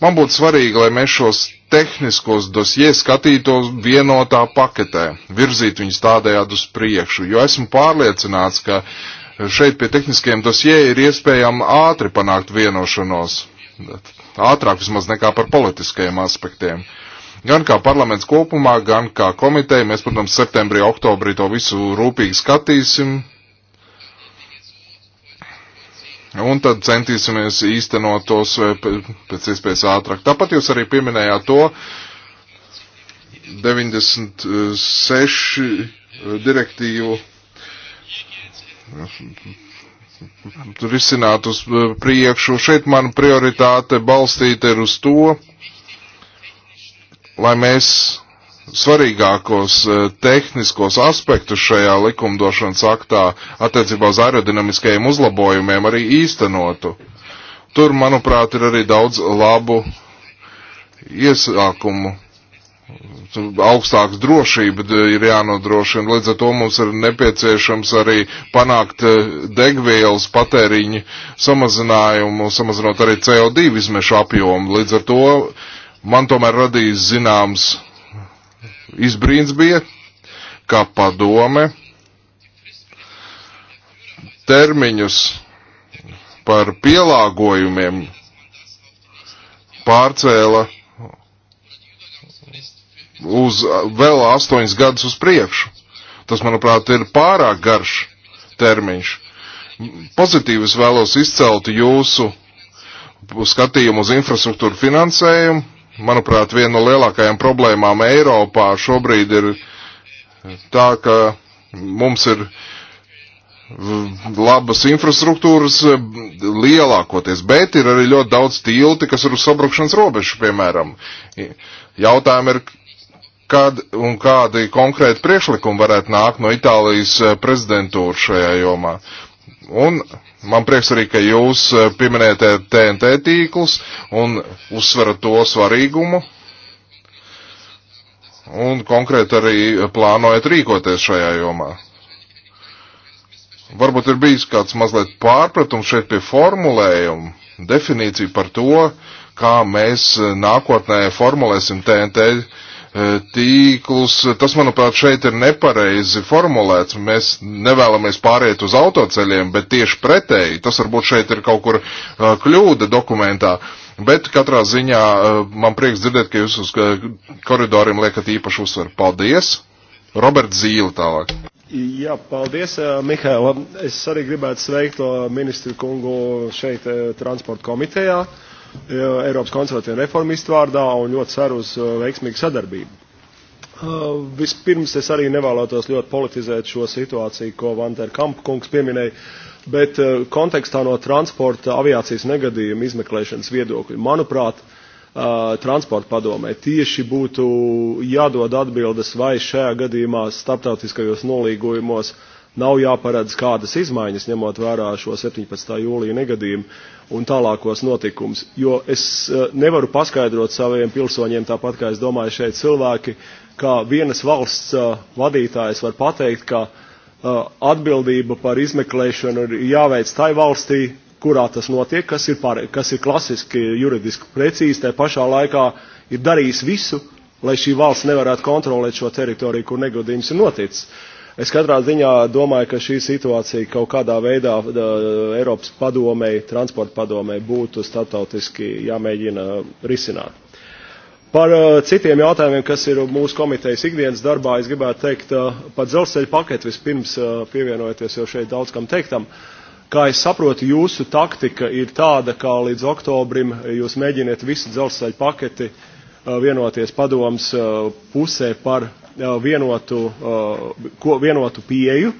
Man būtu svarīgi, lai mēs šos tehniskos dosie skatītos vienotā paketē, virzīt viņus tādējādi uz priekšu, jo esmu pārliecināts, ka šeit pie tehniskajiem dosjē ir iespējama ātri panākt vienošanos, ātrāk vismaz nekā par politiskajiem aspektiem. Gan kā parlaments kopumā, gan kā komiteja, mēs, protams, septembrī, oktobrī to visu rūpīgi skatīsim. Un tad centīsimies īstenot tos eh, pēc iespējas ātrāk. Tāpat jūs arī pieminējāt to 96 direktīvu risināt uz eh, priekšu. Šeit mana prioritāte balstīta ir uz to, lai mēs svarīgākos eh, tehniskos aspektus šajā likumdošanas aktā attiecībā uz aerodinamiskajiem uzlabojumiem arī īstenotu. Tur, manuprāt, ir arī daudz labu iesākumu augstāks drošība eh, ir jānodrošina. Līdz ar to mums ir nepieciešams arī panākt eh, degvielas patēriņu samazinājumu, samazinot arī CO2 izmešu apjomu. Līdz ar to man tomēr radīs zināms izbrīns bija, kā padome termiņus par pielāgojumiem pārcēla uz vēl astoņus gadus uz priekšu. Tas, manuprāt, ir pārāk garš termiņš. Pozitīvi es vēlos izcelt jūsu skatījumu uz infrastruktūru finansējumu. Manuprāt, viena no lielākajām problēmām Eiropā šobrīd ir tā, ka mums ir labas infrastruktūras lielākoties, bet ir arī ļoti daudz tilti, kas ir uz sabrukšanas robežu, piemēram. Jautājumi ir, kad un kādi konkrēti priekšlikumi varētu nākt no Itālijas eh, prezidentūra šajā jomā. Un man prieks arī, ka jūs eh, pieminējat TNT tīklus un uzsverat to svarīgumu. Un konkrēti arī plānojat rīkoties šajā jomā. Varbūt ir bijis kāds mazliet pārpratums šeit pie formulējuma, definīcija par to, kā mēs eh, nākotnē formulēsim TNT tīklus E, tīklus. Tas, manuprāt, šeit ir nepareizi formulēts. Mēs nevēlamies pāriet uz autoceļiem, bet tieši pretēji. Tas varbūt šeit ir kaut kur e, kļūda dokumentā. Bet katrā ziņā e, man prieks dzirdēt, ka jūs uz koridoriem liekat īpašu uzsvaru. Paldies! Roberts Zīle tālāk. Jā, paldies, Mihēlam. Es arī gribētu sveikt ministru kungu šeit transporta komitejā. Uh, Eiropas konservatīvu reformistu vārdā un ļoti ceru uz uh, veiksmīgu sadarbību. Uh, vispirms es arī nevēlētos ļoti politizēt šo situāciju, ko Vanter Kampkungs pieminēja, bet uh, kontekstā no transporta aviācijas negadījuma izmeklēšanas viedokļa, manuprāt, transporta padomē tieši būtu jādod atbildes, vai šajā gadījumā starptautiskajos nolīgojumos nav jāparedz kādas izmaiņas, ņemot vērā šo 17. jūlija negadījumu un tālākos notikumus. Jo es eh, nevaru paskaidrot saviem pilsoņiem, tāpat kā es domāju šeit cilvēki, kā vienas valsts eh, vadītājs var pateikt, ka eh, atbildība par izmeklēšanu ir jāveic tai valstī, kurā tas notiek, kas ir, pār, kas ir klasiski juridiski precīzi, tai pašā laikā ir darījis visu, lai šī valsts nevarētu kontrolēt šo teritoriju, kur negodījums ir noticis. Uh, Es katrā ziņā domāju, ka šī situācija kaut kādā veidā Eiropas padomei, transporta padomei būtu startautiski jāmēģina risināt. Par uh, citiem jautājumiem, kas ir mūsu komitejas ikdienas darbā, es gribētu teikt uh, par dzelzceļa paketu vispirms uh, pievienojoties jau šeit daudz kam teiktam. Kā es saprotu, jūsu taktika ir tāda, ka līdz oktobrim jūs mēģiniet visu dzelzceļa paketi vienoties padoms pusē par vienotu, ko, vienotu pieeju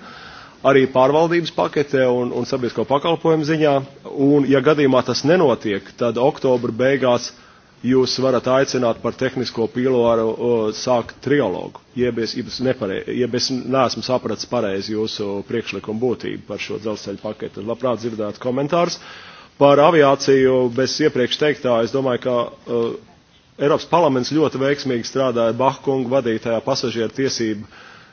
arī pārvaldības paketē un, un sabiedrisko pakalpojumu ziņā. Un, ja gadījumā tas nenotiek, tad oktobra beigās jūs varat aicināt par tehnisko pīlāru sākt trialogu, jeb es, jeb es neesmu sapratis pareizi jūsu priekšlikumu būtību par šo dzelzceļa paketu. Labprāt dzirdētu komentārus. Par aviāciju bez iepriekš teiktā, es domāju, ka uh, Eiropas parlaments ļoti veiksmīgi strādāja Bahkungu vadītajā pasažieru tiesību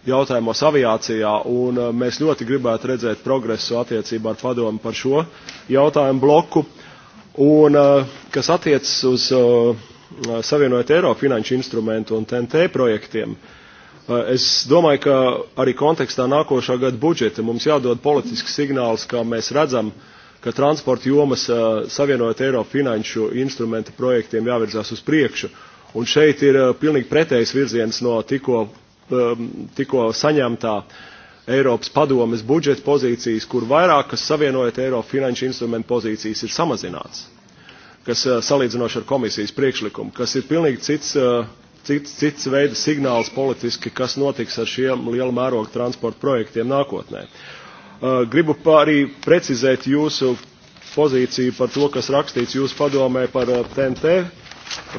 jautājumos aviācijā, un uh, mēs ļoti gribētu redzēt progresu attiecībā ar padomu par šo jautājumu bloku. Un, uh, kas attiecas uz uh, Savienojot Eiropu finanšu instrumentu un TNT projektiem, es domāju, ka arī kontekstā nākošā gada budžeta mums jādod politisks signāls, kā mēs redzam, uh, ka transporta jomas savienojot Eiropu finanšu instrumentu projektiem jāvirzās uz priekšu. Un šeit ir pilnīgi pretējs virziens no tikko, tikko saņemtā Eiropas padomes budžeta pozīcijas, kur vairākas savienojot Eiropu finanšu instrumentu pozīcijas ir samazināts, kas salīdzinoši ar komisijas priekšlikumu, kas ir pilnīgi cits cits, cits veida signāls politiski, kas notiks ar šiem liela mēroga transporta projektiem nākotnē. Eh, gribu arī precizēt jūsu pozīciju par to, kas rakstīts jūsu padomē par TNT eh,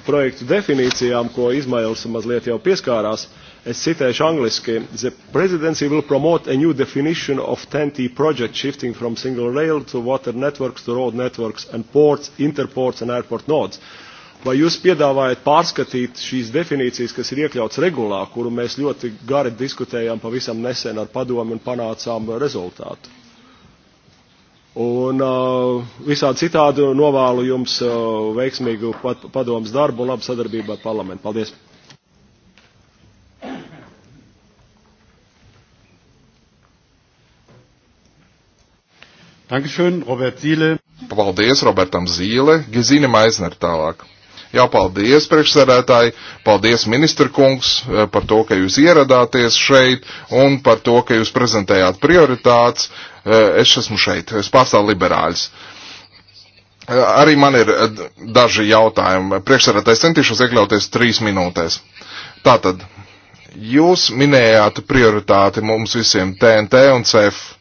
projektu definīcijām, ko Izmails mazliet jau pieskārās. Es citēšu angliski. The presidency will promote a new definition of TNT project shifting from single rail to water networks to road networks and ports, interports and airport nodes. Uh, Vai jūs piedāvājat pārskatīt šīs definīcijas, kas ir iekļauts regulā, kuru mēs ļoti gari diskutējām pavisam nesen ar padomu un panācām rezultātu? Un uh, visādi citādi novēlu jums uh, veiksmīgu pat, padomas darbu un labu sadarbību ar parlamentu. Paldies! Dankeschön, Robert Zīle. Paldies Robertam Zīle, Gezine Maisner tālāk. Jāpaldies priekšsarētāji, paldies ministra kungs eh, par to, ka jūs ieradāties šeit un par to, ka jūs prezentējāt prioritātes. Eh, es esmu šeit, es pārstāvu liberāļus. Eh, arī man ir daži jautājumi. Priekšsarētājs centīšos iekļauties trīs minūtēs. Tātad, jūs minējāt prioritāti mums visiem TNT un CEF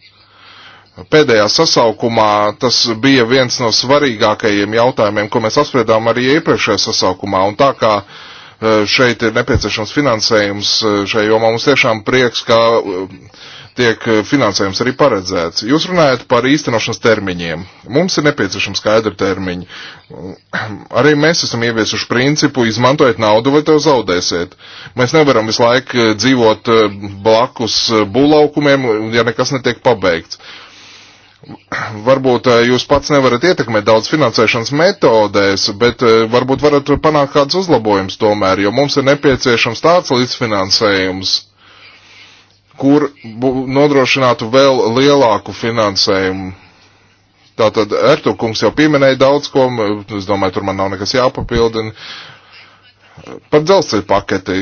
Pēdējā sasaukumā tas bija viens no svarīgākajiem jautājumiem, ko mēs apspriedām arī iepriekšējā sasaukumā. Un tā kā e, šeit ir nepieciešams finansējums e, šai jomā, mums tiešām prieks, ka e, tiek finansējums arī paredzēts. Jūs runājat par īstenošanas termiņiem. Mums ir nepieciešama skaidra termiņa. Arī mēs esam ieviesuši principu, izmantojiet naudu vai to zaudēsiet. Mēs nevaram visu laiku dzīvot blakus būlaukumiem, ja nekas netiek pabeigts. Varbūt eh, jūs pats nevarat ietekmēt daudz finansēšanas metodēs, bet eh, varbūt varat panākt kāds uzlabojums tomēr, jo mums ir nepieciešams tāds līdzfinansējums, kur nodrošinātu vēl lielāku finansējumu. Tātad Ertukungs jau pieminēja daudz ko, es domāju, tur man nav nekas jāpapildina. Par dzelzceļu paketi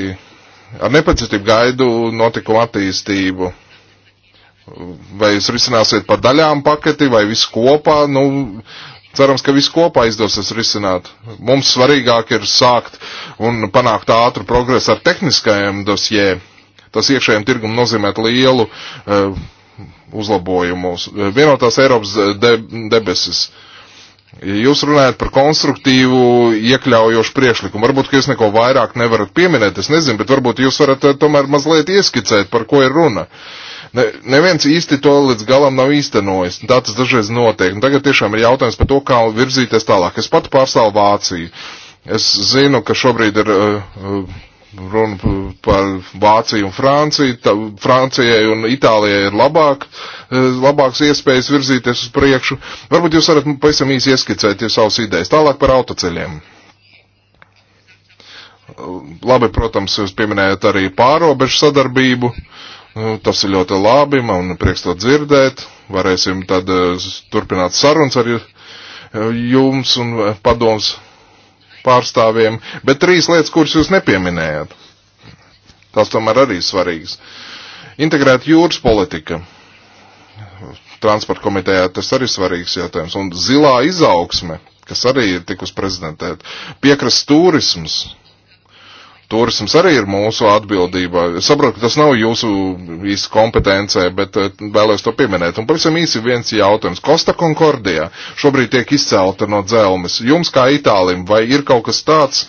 ar nepacietību gaidu notikumu attīstību Vai jūs risināsiet pa daļām paketi vai visu kopā? Nu, cerams, ka visu kopā izdosies risināt. Mums svarīgāk ir sākt un panākt ātru progresu ar tehniskajiem dosjē. Tas iekšējiem tirgumam nozīmē lielu uh, uzlabojumu. Vienotās Eiropas de debesis. Jūs runājat par konstruktīvu, iekļaujošu priekšlikumu. Varbūt, ka jūs neko vairāk nevarat pieminēt, es nezinu, bet varbūt jūs varat eh, tomēr mazliet ieskicēt, par ko ir runa. Uh, Ne, neviens īsti to līdz galam nav īstenojis. Tā tas dažreiz notiek. Un tagad tiešām ir jautājums par to, kā virzīties tālāk. Es pat pārstāvu Vāciju. Es zinu, ka šobrīd ir uh, uh runa par Vāciju un Franciju. Tā, Francijai un Itālijai ir labāk, uh, labāks iespējas virzīties uz priekšu. Varbūt jūs varat pavisam īsi ieskicēt jūs savus idejas. Tālāk par autoceļiem. Uh, labi, protams, jūs pieminējat arī pārobežu sadarbību. Uh, Nu, tas ir ļoti labi, man prieks to dzirdēt. Varēsim tad eh, turpināt sarunas ar eh, jums un eh, padoms pārstāvjiem. Bet trīs lietas, kuras jūs nepieminējat, tās tomēr arī svarīgas. Integrēt jūras politika. Transporta komitejā tas arī svarīgs jautājums. Un zilā izaugsme, kas arī ir tikus prezidentēt. Piekrasts turisms turisms arī ir mūsu atbildībā. Es saprotu, ka tas nav jūsu īsti kompetencē, bet eh, vēlos to pieminēt. Un pavisam īsi viens jautājums. Kosta Konkordijā šobrīd tiek izcelta no dzelmes. Jums kā Itālim vai ir kaut kas tāds,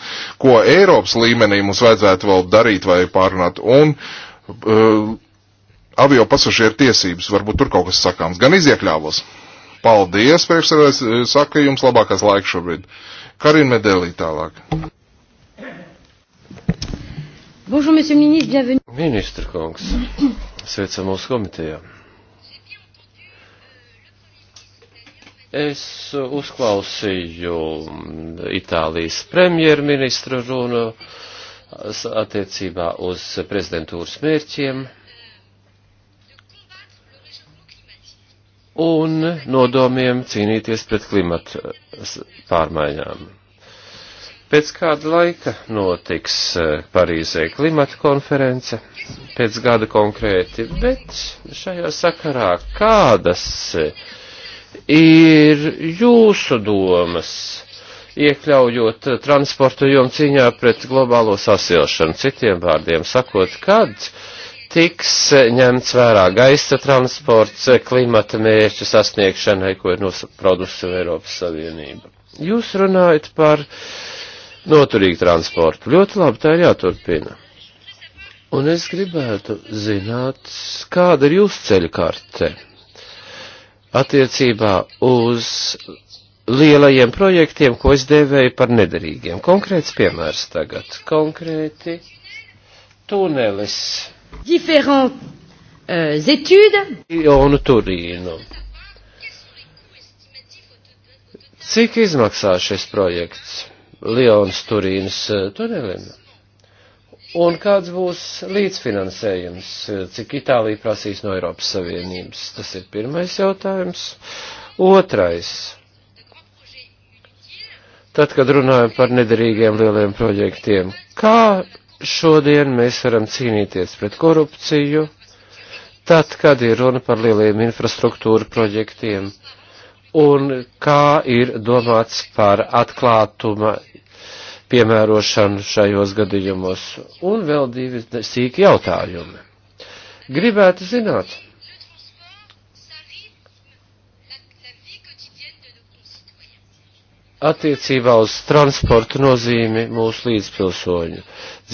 ko Eiropas līmenī mums vajadzētu vēl darīt vai pārunāt? Un uh, avio pasažieru tiesības, varbūt tur kaut kas sakāms. Gan iziekļāvos. Paldies, priekšsēdētājs, eh, saka jums labākais laiks šobrīd. Karina Medelī tālāk. Bonjour, monsieur le ministre, bienvenue. Ministra kungs, sveicam mūsu komitejā. Es uzklausīju Itālijas premjerministra runu attiecībā uz prezidentūras mērķiem un nodomiem cīnīties pret klimata pārmaiņām. Pēc kāda laika notiks eh, Parīzē klimata konference, pēc gada konkrēti, bet šajā sakarā kādas eh, ir jūsu domas, iekļaujot transportu jomu cīņā pret globālo sasilšanu, citiem vārdiem sakot, kad tiks eh, ņemts vērā gaisa transports klimata mērķu sasniegšanai, ko ir nosprodusi Eiropas Savienība. Jūs runājat par uh, noturīgu transportu. Ļoti labi, tā ir jāturpina. Un es gribētu zināt, kāda ir jūsu ceļu karte attiecībā uz lielajiem projektiem, ko es dēvēju par nederīgiem. Konkrēts piemērs tagad. Konkrēti tunelis. Diferent uh, études. Jonu Turīnu. Cik izmaksā šis projekts? Lions Turīnas eh, tunelim? Un kāds būs līdzfinansējums, eh, cik Itālija prasīs no Eiropas Savienības? Tas ir pirmais jautājums. Otrais. Tad, kad runājam par nederīgiem lieliem projektiem, kā šodien mēs varam cīnīties pret korupciju, tad, kad ir runa par lieliem infrastruktūra projektiem? un kā ir domāts par atklātuma piemērošanu šajos gadījumos. Un vēl divi sīki jautājumi. Gribētu zināt, attiecībā uz transportu nozīmi mūsu līdzpilsoņu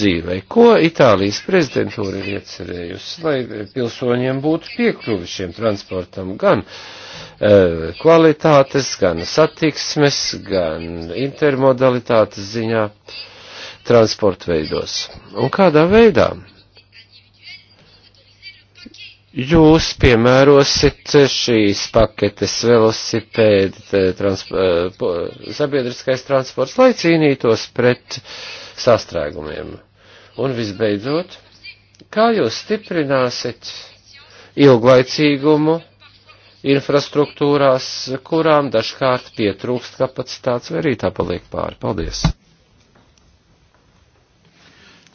dzīvē. Ko Itālijas prezidentūra ir iecerējusi, lai pilsoņiem būtu piekļuvi šiem transportam gan uh, Eh, kvalitātes, gan satiksmes, gan intermodalitātes ziņā transporta veidos. Un kādā veidā jūs piemērosit šīs paketes velosipēdi, transpo, eh, sabiedriskais transports, lai cīnītos pret sastrēgumiem. Un visbeidzot, kā jūs stiprināsit ilglaicīgumu infrastruktūrās, kurām dažkārt pietrūkst kapacitātes, vai arī tā paliek pāri. Paldies!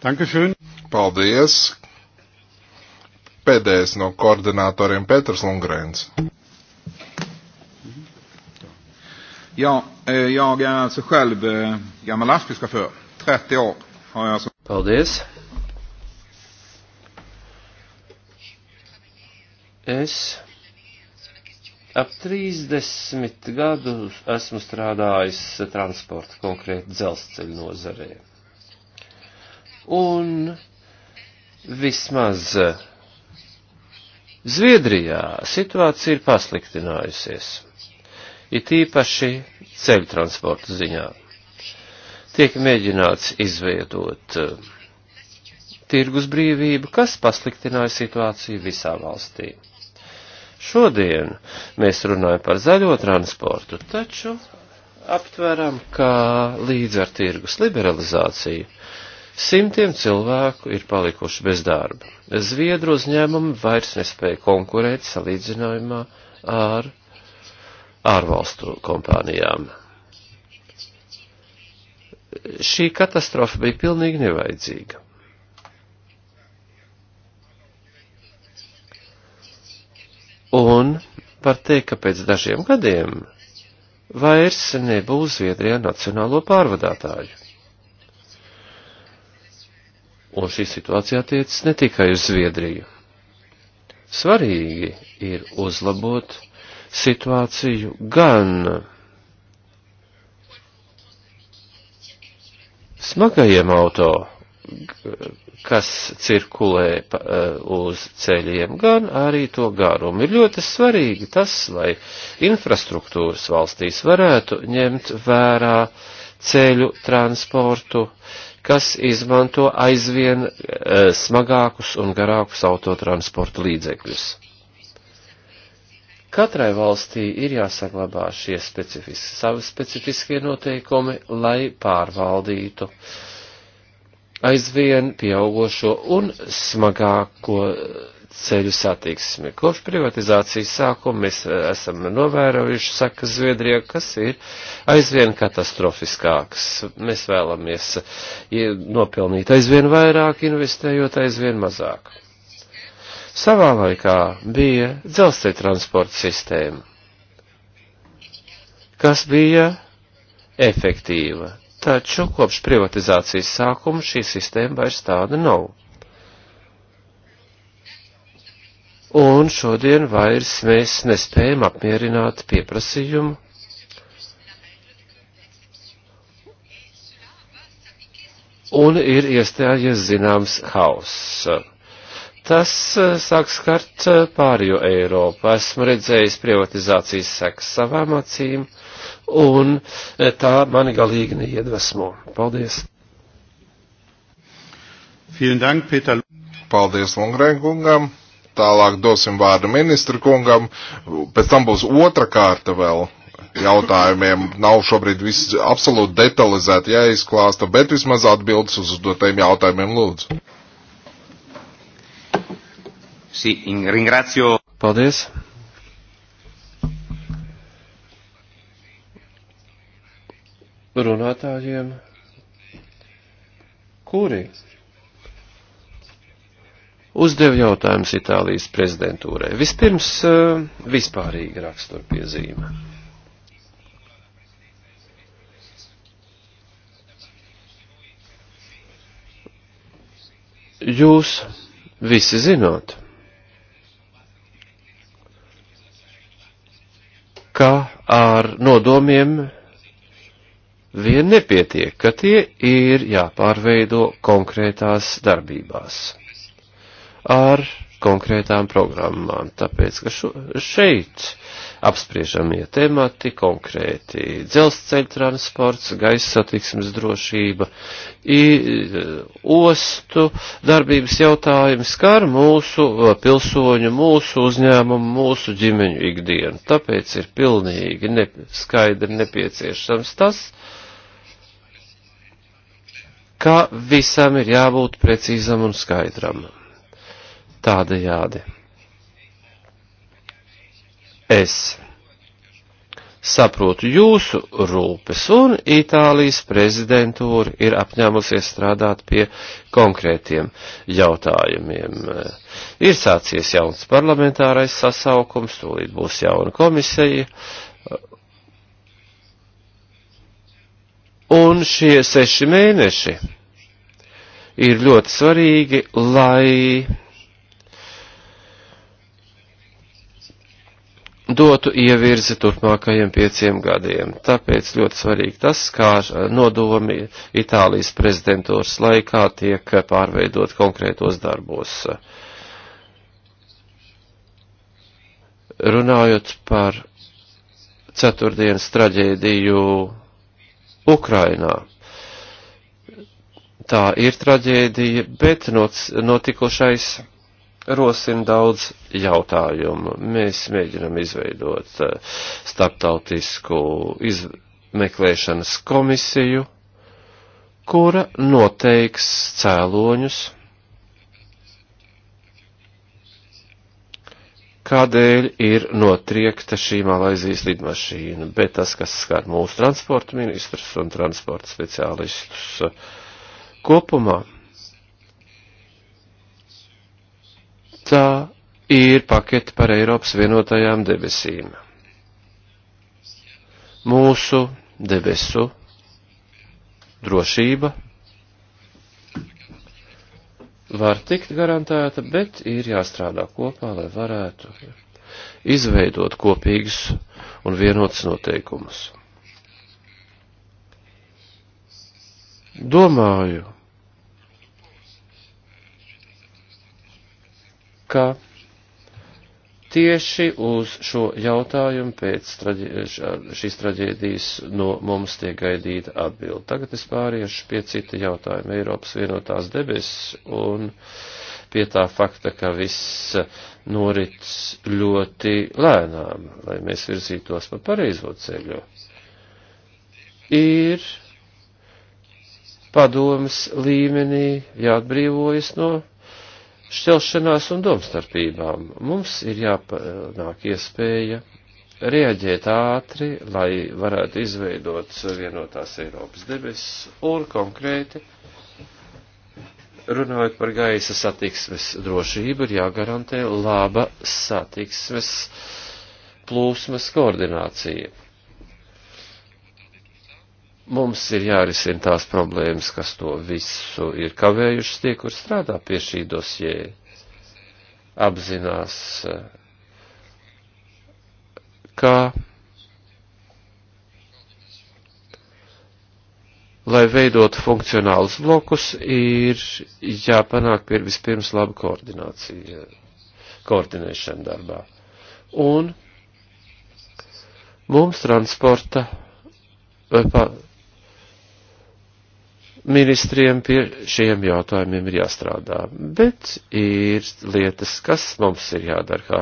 Dankeschön. Paldies! Pēdējais no koordinatoriem Petrs Lungrēns. Ja, eh, jag är alltså själv eh, gammal lastbilschaufför. 30 år har jag som... Paldies. Es Ap 30 gadu esmu strādājis transporta, konkrēti dzelzceļu nozarē. Un vismaz Zviedrijā situācija ir pasliktinājusies, it īpaši ceļu transporta ziņā. Tiek mēģināts izveidot eh, tirgus brīvību, kas pasliktināja situāciju visā valstī. Šodien mēs runājam par zaļo transportu, taču aptveram, ka līdz ar tirgus liberalizāciju simtiem cilvēku ir palikuši bez darba. Zviedru uzņēmumi vairs nespēja konkurēt salīdzinājumā ar ārvalstu kompānijām. Šī katastrofa bija pilnīgi nevajadzīga. Un var teikt, ka pēc dažiem gadiem vairs nebūs Zviedrijā nacionālo pārvadātāju. Un šī situācija attiecas ne tikai uz Zviedriju. Svarīgi ir uzlabot situāciju gan smagajiem auto kas cirkulē eh, uz ceļiem, gan arī to garumu. Ir ļoti svarīgi tas, lai infrastruktūras valstīs varētu ņemt vērā ceļu transportu, kas izmanto aizvien eh, smagākus un garākus autotransporta līdzekļus. Katrai valstī ir jāsaglabā šie specifiski, savi specifiskie noteikumi, lai pārvaldītu uh, aizvien pieaugošo un smagāko ceļu satiksmi. Kopš privatizācijas sākuma mēs e, esam novērojuši sekas Zviedrijā, kas ir aizvien katastrofiskāks. Mēs vēlamies e, nopelnīt aizvien vairāk, investējot aizvien mazāk. Savā laikā bija dzelzceļa transporta sistēma, kas bija efektīva taču kopš privatizācijas sākuma šī sistēma vairs tāda nav. Un šodien vairs mēs nespējam apmierināt pieprasījumu. Un ir iestājies zināms hauss. Tas eh, sāk skart eh, pārējo Eiropu. Esmu redzējis privatizācijas seks savām acīm. Uh, un eh, tā mani galīgi neiedvesmo. Paldies! Dank, Paldies Lungrēn kungam! Tālāk dosim vārdu ministru kungam, pēc tam būs otra kārta vēl jautājumiem. Nav šobrīd viss absolūti detalizēti jāizklāsta, bet vismaz atbildes uz uzdotajiem jautājumiem lūdzu. Paldies! runātājiem, kuri uzdev jautājumus Itālijas prezidentūrai. Vispirms eh, vispārīga raksturpiezīme. Jūs visi zināt, ka ar nodomiem vien nepietiek, ka tie ir jāpārveido konkrētās darbībās ar konkrētām programmām, tāpēc, ka šo, šeit apspriežamie temati konkrēti dzelzceļa transports, gaisa satiksmes drošība, i, ostu darbības jautājums skar mūsu eh, pilsoņu, mūsu uzņēmumu, mūsu ģimeņu ikdienu. Tāpēc ir pilnīgi ne, skaidri nepieciešams tas, uh, ka visam ir jābūt precīzam un skaidram. Tādējādi. Es saprotu jūsu rūpes, un Itālijas prezidentūra ir apņēmusies strādāt pie konkrētiem jautājumiem. Ir sācies jauns parlamentārais sasaukums, tūlīt būs jauna komisija, Un šie seši mēneši ir ļoti svarīgi, lai dotu ievirzi turpmākajiem pieciem gadiem. Tāpēc ļoti svarīgi tas, kā nodomi Itālijas prezidentūras laikā tiek pārveidot konkrētos darbos. Runājot par ceturtdienas traģēdiju Ukrainā. Tā ir traģēdija, bet notikušais rosina daudz jautājumu. Mēs mēģinam izveidot eh, starptautisku izmeklēšanas komisiju, kura noteiks cēloņus kādēļ ir notriekta šī Malaizijas lidmašīna, bet tas, kas skar mūsu transporta ministrus un transporta speciālistus uh, kopumā, tā ir pakete par Eiropas vienotajām debesīm. Mūsu debesu drošība var tikt garantēta, bet ir jāstrādā kopā, lai varētu izveidot kopīgus un vienotus noteikumus. Domāju, ka tieši uz šo jautājumu pēc traģi šīs traģēdijas no mums tiek gaidīta atbildi. Tagad es pāriešu pie cita jautājuma Eiropas vienotās debesis un pie tā fakta, ka viss norit ļoti lēnām, lai mēs virzītos pa pareizo ceļu. Ir padomas līmenī jāatbrīvojas no šķelšanās un domstarpībām. Mums ir jāpanāk iespēja rieģēt ātri, lai varētu izveidot vienotās Eiropas debesis un konkrēti runājot par gaisa satiksmes drošību, ir jāgarantē laba satiksmes plūsmas koordinācija mums ir jārisina tās problēmas, kas to visu ir kavējušas tie, kur strādā pie šī dosjē, apzinās, eh, kā, lai veidot funkcionālus blokus, ir jāpanāk vispirms laba koordinācija, koordinēšana darbā. Un mums transporta vai eh, pa, ministriem pie šiem jautājumiem ir jāstrādā, bet ir lietas, kas mums ir jādara kā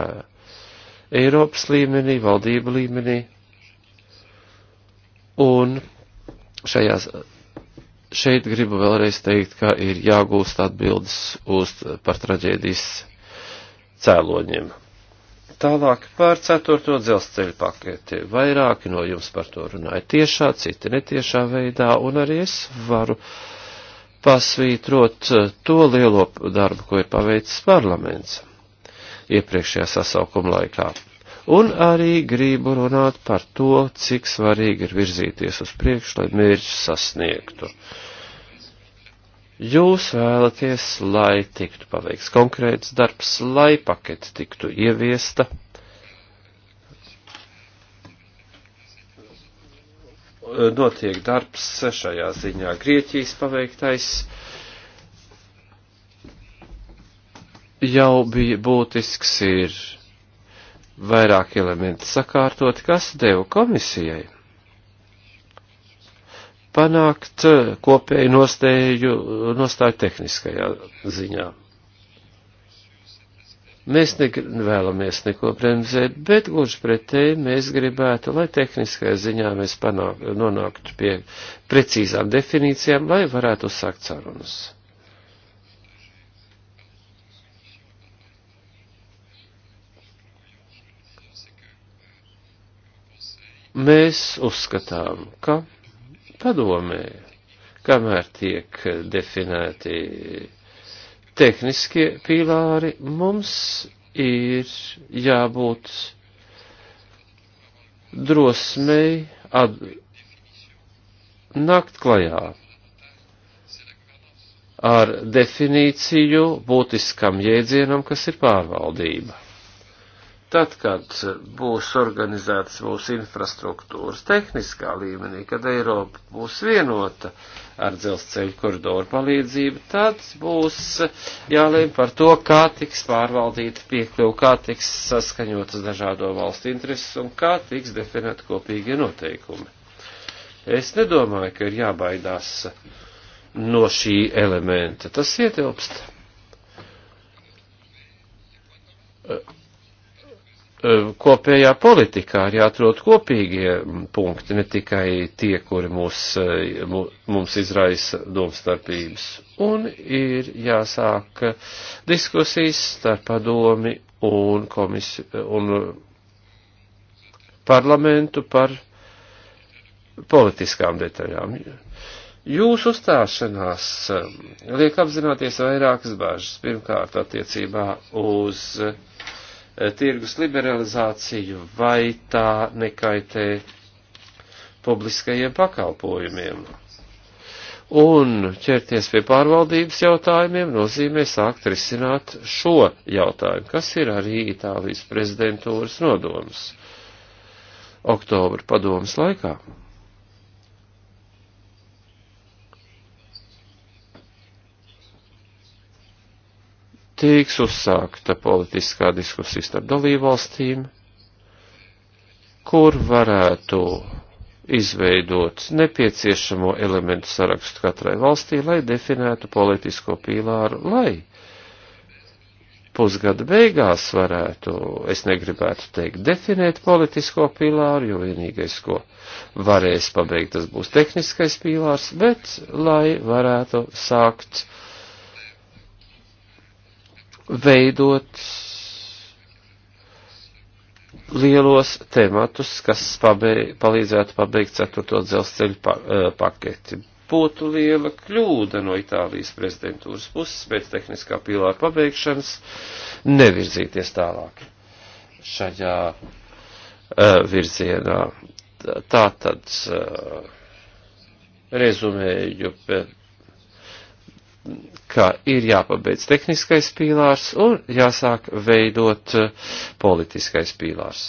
Eiropas līmenī, valdību līmenī, un šajās, šeit gribu vēlreiz teikt, ka ir jāgūst atbildes uz par traģēdijas cēloņiem. Tālāk par ceturto dzelzceļu paketi. Vairāki no jums par to runāja tiešā, citi netiešā veidā, un arī es varu pasvītrot eh, to lielo darbu, ko ir paveicis parlaments iepriekšējā sasaukuma laikā. Un arī gribu runāt par to, cik svarīgi ir virzīties uz priekšu, lai mērķus sasniegtu. Uh, Jūs vēlaties, lai tiktu paveikts konkrēts darbs, lai paketi tiktu ieviesta. Notiek darbs šajā ziņā Grieķijas paveiktais. Jau bija būtisks ir vairāk elementi sakārtot, kas deva komisijai panākt eh, kopēju nostēju, nostāju tehniskajā ziņā. Mēs nevēlamies neko bremzēt, bet gluži pretēji mēs gribētu, lai tehniskajā ziņā mēs panāk, nonāktu pie precīzām definīcijām, lai varētu uzsākt sarunas. Mēs uzskatām, ka padomē, kamēr tiek definēti tehniskie pīlāri, mums ir jābūt drosmei ad... nakt klajā ar definīciju būtiskam jēdzienam, kas ir pārvaldība. Tad, kad būs organizētas mūsu infrastruktūras tehniskā līmenī, kad Eiropa būs vienota ar dzelzceļu koridoru palīdzību, tad būs jālēm par to, kā tiks pārvaldīta piekļuva, kā tiks saskaņotas dažādo valstu intereses un kā tiks definēt kopīgie noteikumi. Es nedomāju, ka ir jābaidās no šī elementa. Tas ietilpst Eh, kopējā politikā ir jāatrod kopīgie punkti, ne tikai tie, kuri mūs, eh, mums izraisa domstarpības. Un ir jāsāk diskusijas starp padomi un, komisi, un parlamentu par politiskām detaļām. Jūsu uzstāšanās eh, liek apzināties vairākas bažas. Pirmkārt, attiecībā uz uh, Eh, tirgus liberalizāciju, vai tā nekaitē publiskajiem pakalpojumiem. Un ķerties pie pārvaldības jautājumiem nozīmē sākt risināt šo jautājumu, kas ir arī Itālijas prezidentūras nodoms oktobra padomas laikā. tiks uzsākta politiskā diskusija starp dalībvalstīm, kur varētu izveidot nepieciešamo elementu sarakstu katrai valstī, lai definētu politisko pīlāru, lai pusgada beigās varētu, es negribētu teikt, definēt politisko pīlāru, jo vienīgais, ko varēs pabeigt, tas būs tehniskais pīlārs, bet lai varētu sākt uh, veidot lielos tematus, kas pabeig, palīdzētu pabeigt 4. dzelzceļu pa, e, paketi. Būtu liela kļūda no Itālijas prezidentūras puses pēc tehniskā pīlāra pabeigšanas nevirzīties tālāk šajā uh, virzienā. Tā tad uh, e, rezumēju. Bet, ka ir jāpabeidz tehniskais pīlārs un jāsāk veidot eh, politiskais pīlārs.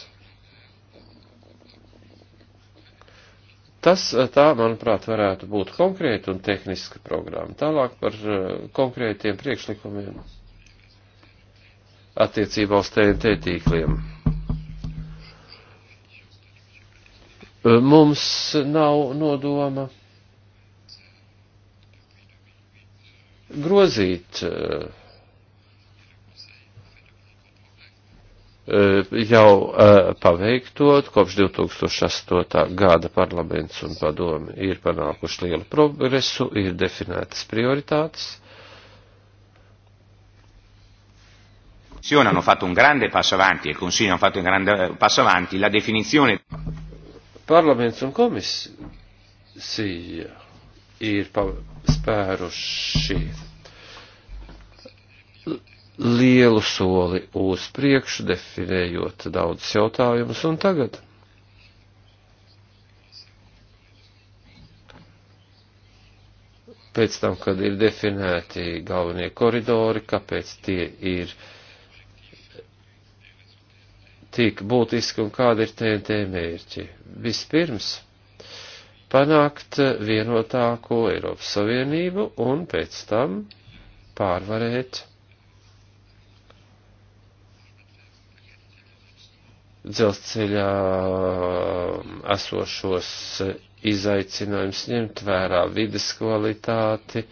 Tas eh, tā, manuprāt, varētu būt konkrēta un tehniska programma. Tālāk par eh, konkrētiem priekšlikumiem attiecībā uz TNT tīkliem. Mums nav nodoma. grozīt eh, jau eh, paveikto, kopš 2008. gada parlaments un padomi ir panākuši lielu progresu, ir definētas prioritātes. Commissione hanno fatto un grande passo avanti e il Consiglio hanno fatto un grande passo avanti la definizione. Parlaments un komisija ir spēruši lielu soli uz priekšu, definējot daudzus jautājumus, un tagad pēc tam, kad ir definēti galvenie koridori, kāpēc tie ir tik būtiski un kāda ir TNT mērķi. Vispirms panākt vienotāko Eiropas Savienību un pēc tam pārvarēt dzelzceļā um, esošos izaicinājums ņemt vērā vides kvalitāti,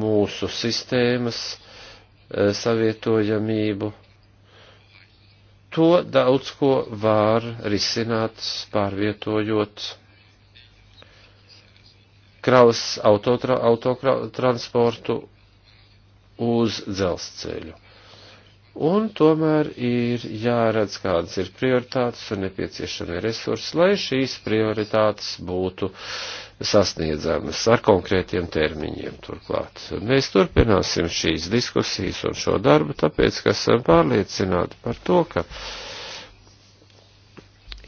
mūsu sistēmas e, savietojamību. To daudz ko var risināt pārvietojot kraus autotra, autotransportu uz dzelzceļu. Un tomēr ir jāredz, kādas ir prioritātes un nepieciešamie resursi, lai šīs prioritātes būtu sasniedzamas ar konkrētiem termiņiem turklāt. Mēs turpināsim šīs diskusijas un šo darbu, tāpēc, ka esam pārliecināti par to, ka uh,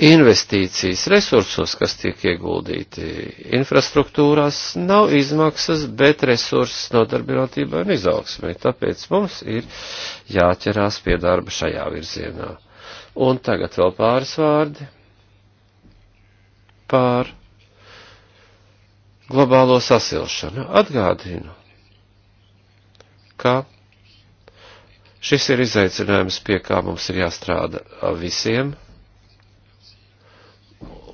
investīcijas resursos, kas tiek ieguldīti infrastruktūrās, nav izmaksas, bet resurses nodarbinātībai un izaugsmē. Tāpēc mums ir jāķerās pie darba šajā virzienā. Un tagad vēl pāris vārdi pār globālo sasilšanu. Atgādinu, ka šis ir izaicinājums, pie kā mums ir jāstrādā visiem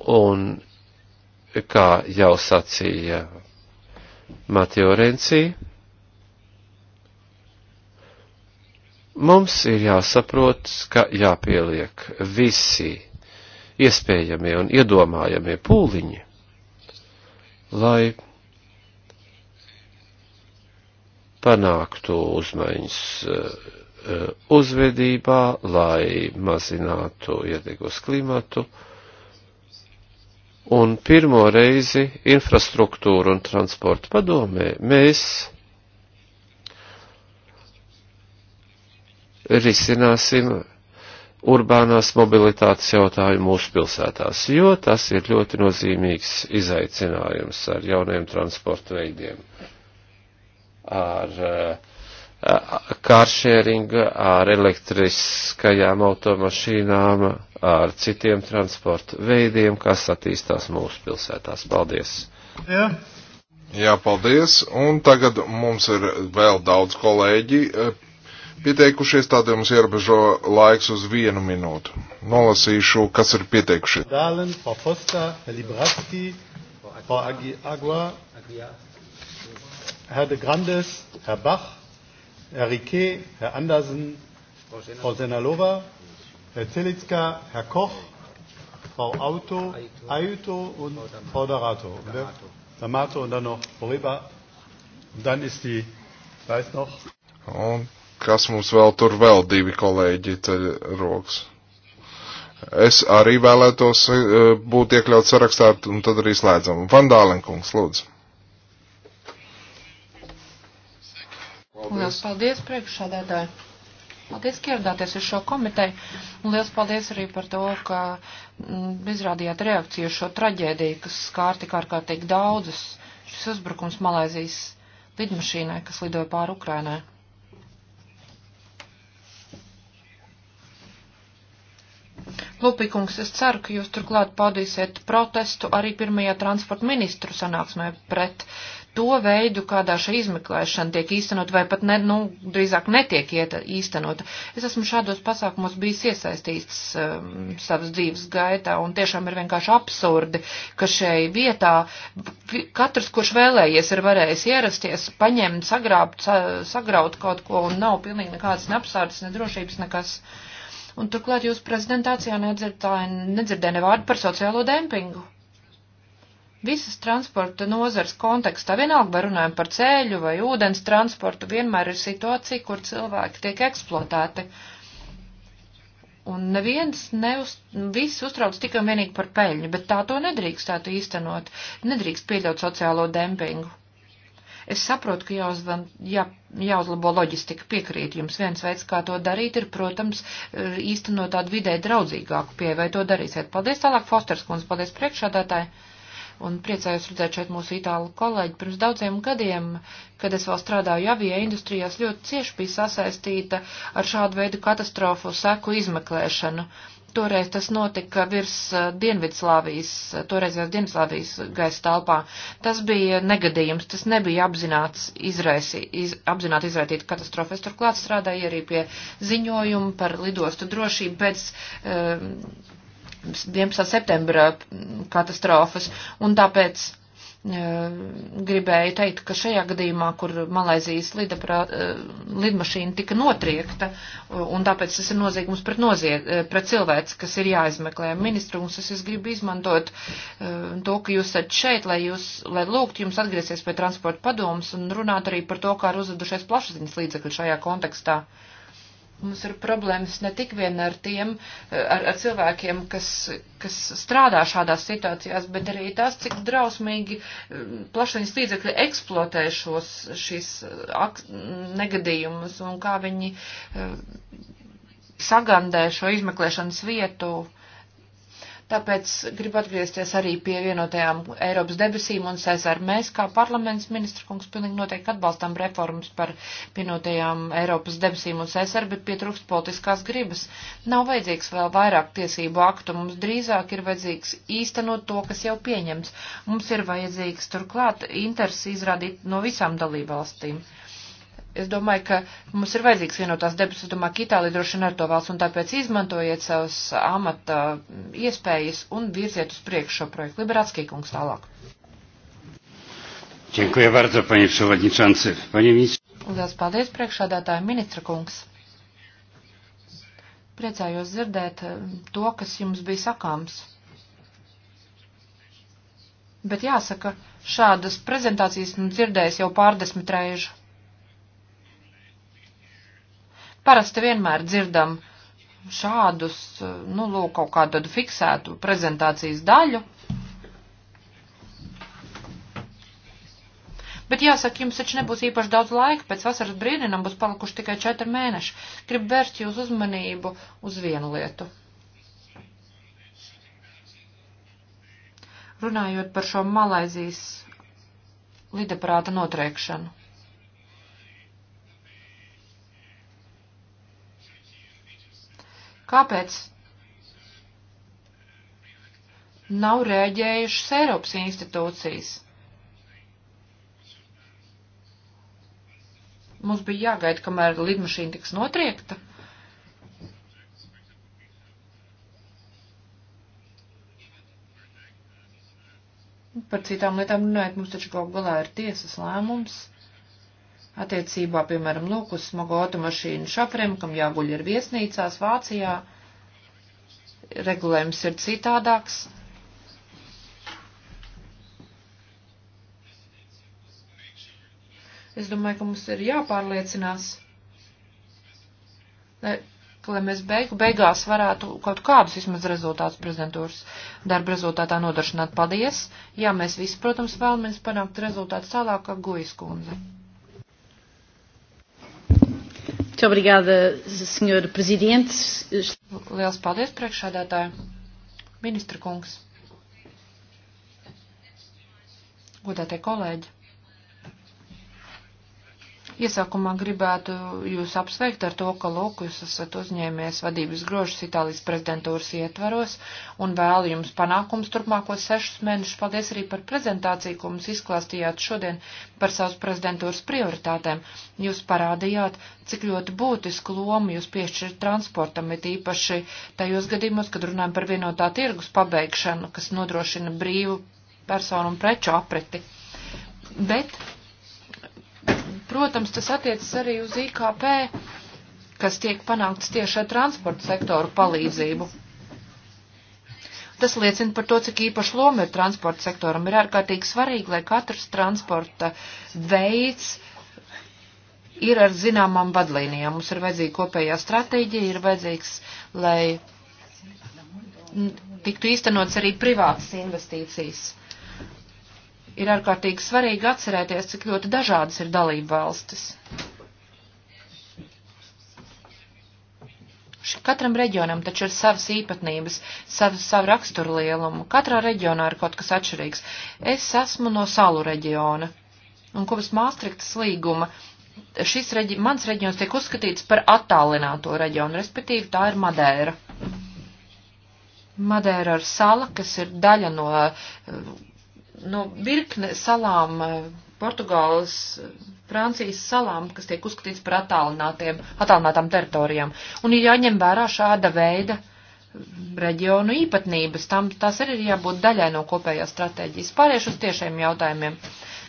Un, kā jau sacīja Mateo Renci, mums ir jāsaprot, ka jāpieliek visi iespējamie un iedomājamie pūliņi, lai panāktu uzmaiņas eh, uzvedībā, lai mazinātu iedegus klimatu, uh, Un pirmo reizi infrastruktūru un transportu padomē mēs risināsim urbānās mobilitātes jautājumu mūsu pilsētās, jo tas ir ļoti nozīmīgs izaicinājums ar jauniem transporta veidiem, ar kāršēringu, eh, ar elektriskajām automašīnām, ar citiem transporta veidiem, kas attīstās mūsu pilsētās. Paldies! Jā. Jā, paldies! Un tagad mums ir vēl daudz kolēģi e, pieteikušies, tādēļ mums ierobežo laiks uz vienu minūtu. Nolasīšu, kas ir pieteikušies. Dālen, Pafosta, Libratski, Agi Agua, Herr de Grandes, Herr Bach, Herr Riquet, Herr Andersen, Frau Senalova. Herr Zelitzka, Herr Koch, Frau Auto, Aiuto und Frau D'Amato. D'Amato und dann noch Poreba. Und dann ist die, weiß noch. Un nu, kas mums vēl tur vēl divi kolēģi te rokas? Es arī vēlētos eh, būt iekļauts sarakstā, un tad arī slēdzam. Vandālenkungs, lūdzu. Paldies. Lielas paldies priekšsādātāji. Paldies, ka ieradāties uz šo komiteju, un liels paldies arī par to, ka m, mm, izrādījāt reakciju uz šo traģēdiju, kas skār tik ārkārtīgi daudzus. Šis uzbrukums Malaizijas lidmašīnai, kas lidoja pāri Ukrainai. Lupīkungs, es ceru, ka jūs turklāt paudīsiet protestu arī pirmajā transporta ministru sanāksmē pret uh, to veidu, kādā šī izmeklēšana tiek īstenot, vai pat, ne, nu, drīzāk netiek ieta, īstenot. Es esmu šādos pasākumos bijis iesaistīts um, savas dzīves gaitā, un tiešām ir vienkārši absurdi, ka šai vietā katrs, kurš vēlējies, ir varējis ierasties, paņemt, sagrābt, sa, sagraut kaut ko, un nav pilnīgi nekādas neapsārdas, nedrošības, nekas. Un turklāt jūs prezentācijā nedzirdēja nedzirdē ne vārdu par sociālo dempingu visas transporta nozars kontekstā, vienalga vai runājam par ceļu vai ūdens transportu, vienmēr ir situācija, kur cilvēki tiek eksploatēti. Un neviens neuz, viss uztrauc tikai un vienīgi par peļņu, bet tā to nedrīkstētu īstenot, nedrīkst pieļaut sociālo dempingu. Es saprotu, ka jāuzvan, jā, jāuzlabo loģistika, piekrīt jums. Viens veids, kā to darīt, ir, protams, īstenot tādu vidē draudzīgāku pieeju, vai to darīsiet. Paldies tālāk, Fosters kundze, paldies priekšādātāji un priecājos redzēt šeit mūsu itālu kolēģi. Pirms daudziem gadiem, kad es vēl strādāju avija industrijās, ļoti cieši bija sasaistīta ar šādu veidu katastrofu seku izmeklēšanu. Toreiz tas notika virs eh, Dienvidslāvijas, eh, toreiz vēl Dienvidslāvijas gaisa telpā. Tas bija negadījums, tas nebija apzināts izraisi, iz, apzināti izraitīt katastrofu. Es turklāt strādāju arī pie ziņojuma par lidostu drošību pēc. Uh, um, 11. septembra mm, katastrofas, un tāpēc e, gribēju teikt, ka šajā gadījumā, kur Malaizijas lidaprā, e, lidmašīna tika notriekta, e, un tāpēc tas ir noziegums pret, nozieg, pret cilvēci, kas ir jāizmeklē. Ministru, un es gribu izmantot to, ka jūs esat šeit, lai, jūs, lai lūgtu jums atgriezties pie transporta padomus un runāt arī par to, kā ir uzvedušies plašsaziņas līdzekļi šajā kontekstā. Uh, Mums ir problēmas ne tik vien ar tiem, eh, ar, ar cilvēkiem, kas, kas strādā šādās situācijās, bet arī tās, cik drausmīgi eh, plašiņas līdzekļi eksploatē šos, šīs eh, negadījumus un kā viņi sagandē šo izmeklēšanas vietu Tāpēc gribu atgriezties arī pie vienotajām Eiropas debesīm un Cezar. Mēs kā parlaments ministra kungs pilnīgi noteikti atbalstam reformas par vienotajām Eiropas debesīm un Cezar, bet pietrūkst politiskās gribas. Nav vajadzīgs vēl vairāk tiesību aktu, mums drīzāk ir vajadzīgs īstenot to, kas jau pieņems. Mums ir vajadzīgs turklāt interesi izrādīt no visām dalībvalstīm. valstīm. Es domāju, ka mums ir vajadzīgs vienotās debes, es domāju, ka Itālija droši vien ar to valsts, un tāpēc izmantojiet savas amata mm, iespējas un virziet uz priekšu šo projektu. Liberāckī kungs tālāk. Dziękuję bardzo, panie przewodniczący. Panie ministrze. Lielas paldies, priekšādātāja ministra kungs. Priecājos dzirdēt mm, to, kas jums bija sakāms. Bet jāsaka, šādas prezentācijas mums dzirdējis jau pārdesmit reižu. Parasti vienmēr dzirdam šādus, nu, lūk, kaut kādu tādu fiksētu prezentācijas daļu. Bet jāsaka, jums taču nebūs īpaši daudz laika, pēc vasaras brīdinam būs palikuši tikai četri mēneši. Gribu vērst jūs uzmanību uz vienu lietu. Runājot par šo Malaizijas lidaprāta notriekšanu. Kāpēc nav rēģējušas Eiropas institūcijas? Mums bija jāgaida, kamēr lidmašīna tiks notriekta. Par citām lietām runājot, mums taču kaut galā ir tiesas lēmums attiecībā, piemēram, lūk, uz smago automašīnu šoferim, kam jāguļ ir viesnīcās Vācijā, regulējums ir citādāks. Es domāju, ka mums ir jāpārliecinās, lai, ka, lai mēs beigu beigās varētu kaut kādus vismaz rezultātus prezidentūras darba rezultātā nodrošināt. Paldies! Jā, mēs visi, protams, vēlamies panākt rezultātus tālāk, kā Gojas kundze. Mm. Muito obrigada, Sr. Presidente. Lielas paldies, priekšādātāji. Ministra kungs. Godātie kolēģi. Iesākumā gribētu jūs apsveikt ar to, ka lūk, jūs esat uzņēmies vadības grožus Itālijas prezidentūras ietvaros un vēlu jums panākums turpmākos sešus mēnešus. Paldies arī par prezentāciju, ko mums izklāstījāt šodien par savas prezidentūras prioritātēm. Jūs parādījāt, cik ļoti būtisku lomu jūs piešķirat transportam, it īpaši tajos gadījumos, kad runājam par vienotā tirgus pabeigšanu, kas nodrošina brīvu personu un preču apreti. Bet protams, tas attiecas arī uz IKP, kas tiek panākts tieši ar transporta sektoru palīdzību. Tas liecina par to, cik īpaši loma ir transporta sektoram. Ir ārkārtīgi svarīgi, lai katrs transporta veids ir ar zināmām vadlīnijām. Mums ir vajadzīga kopējā stratēģija, ir vajadzīgs, lai tiktu īstenots arī privātas investīcijas ir ārkārtīgi svarīgi atcerēties, cik ļoti dažādas ir dalība valstis. Katram reģionam taču ir savas īpatnības, savu, savu raksturu lielumu. Katrā reģionā ir kaut kas atšķirīgs. Es esmu no salu reģiona. Un kopš Māstriktas līguma šis reģi, mans reģions tiek uzskatīts par attālināto reģionu, respektīvi tā ir Madēra. Madēra ir sala, kas ir daļa no no virkne salām, eh, Portugāles, eh, Francijas salām, kas tiek uzskatīts par attālinātām teritorijām. Un ir jāņem vērā šāda veida reģionu īpatnības, tam tas arī ir jābūt daļai no kopējās stratēģijas. Pāriešu uz tiešiem jautājumiem.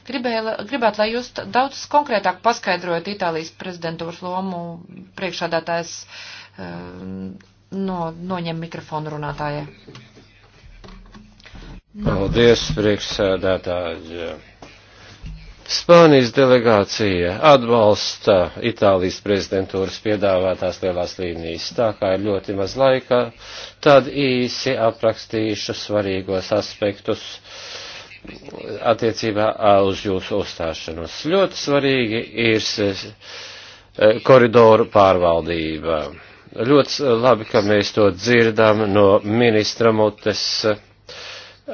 Gribēju, gribētu, lai jūs daudz konkrētāk paskaidrojat Itālijas prezidentūras lomu priekšādātājs eh, no, noņem mikrofonu runātājai. Paldies, priekšsēdētāji. Spānijas delegācija atbalsta Itālijas prezidentūras piedāvātās lielās līnijas. Tā kā ir ļoti maz laika, tad īsi aprakstīšu svarīgos aspektus attiecībā uz jūsu uzstāšanos. Ļoti svarīgi ir koridoru pārvaldība. Ļoti labi, ka mēs to dzirdam no ministra mutes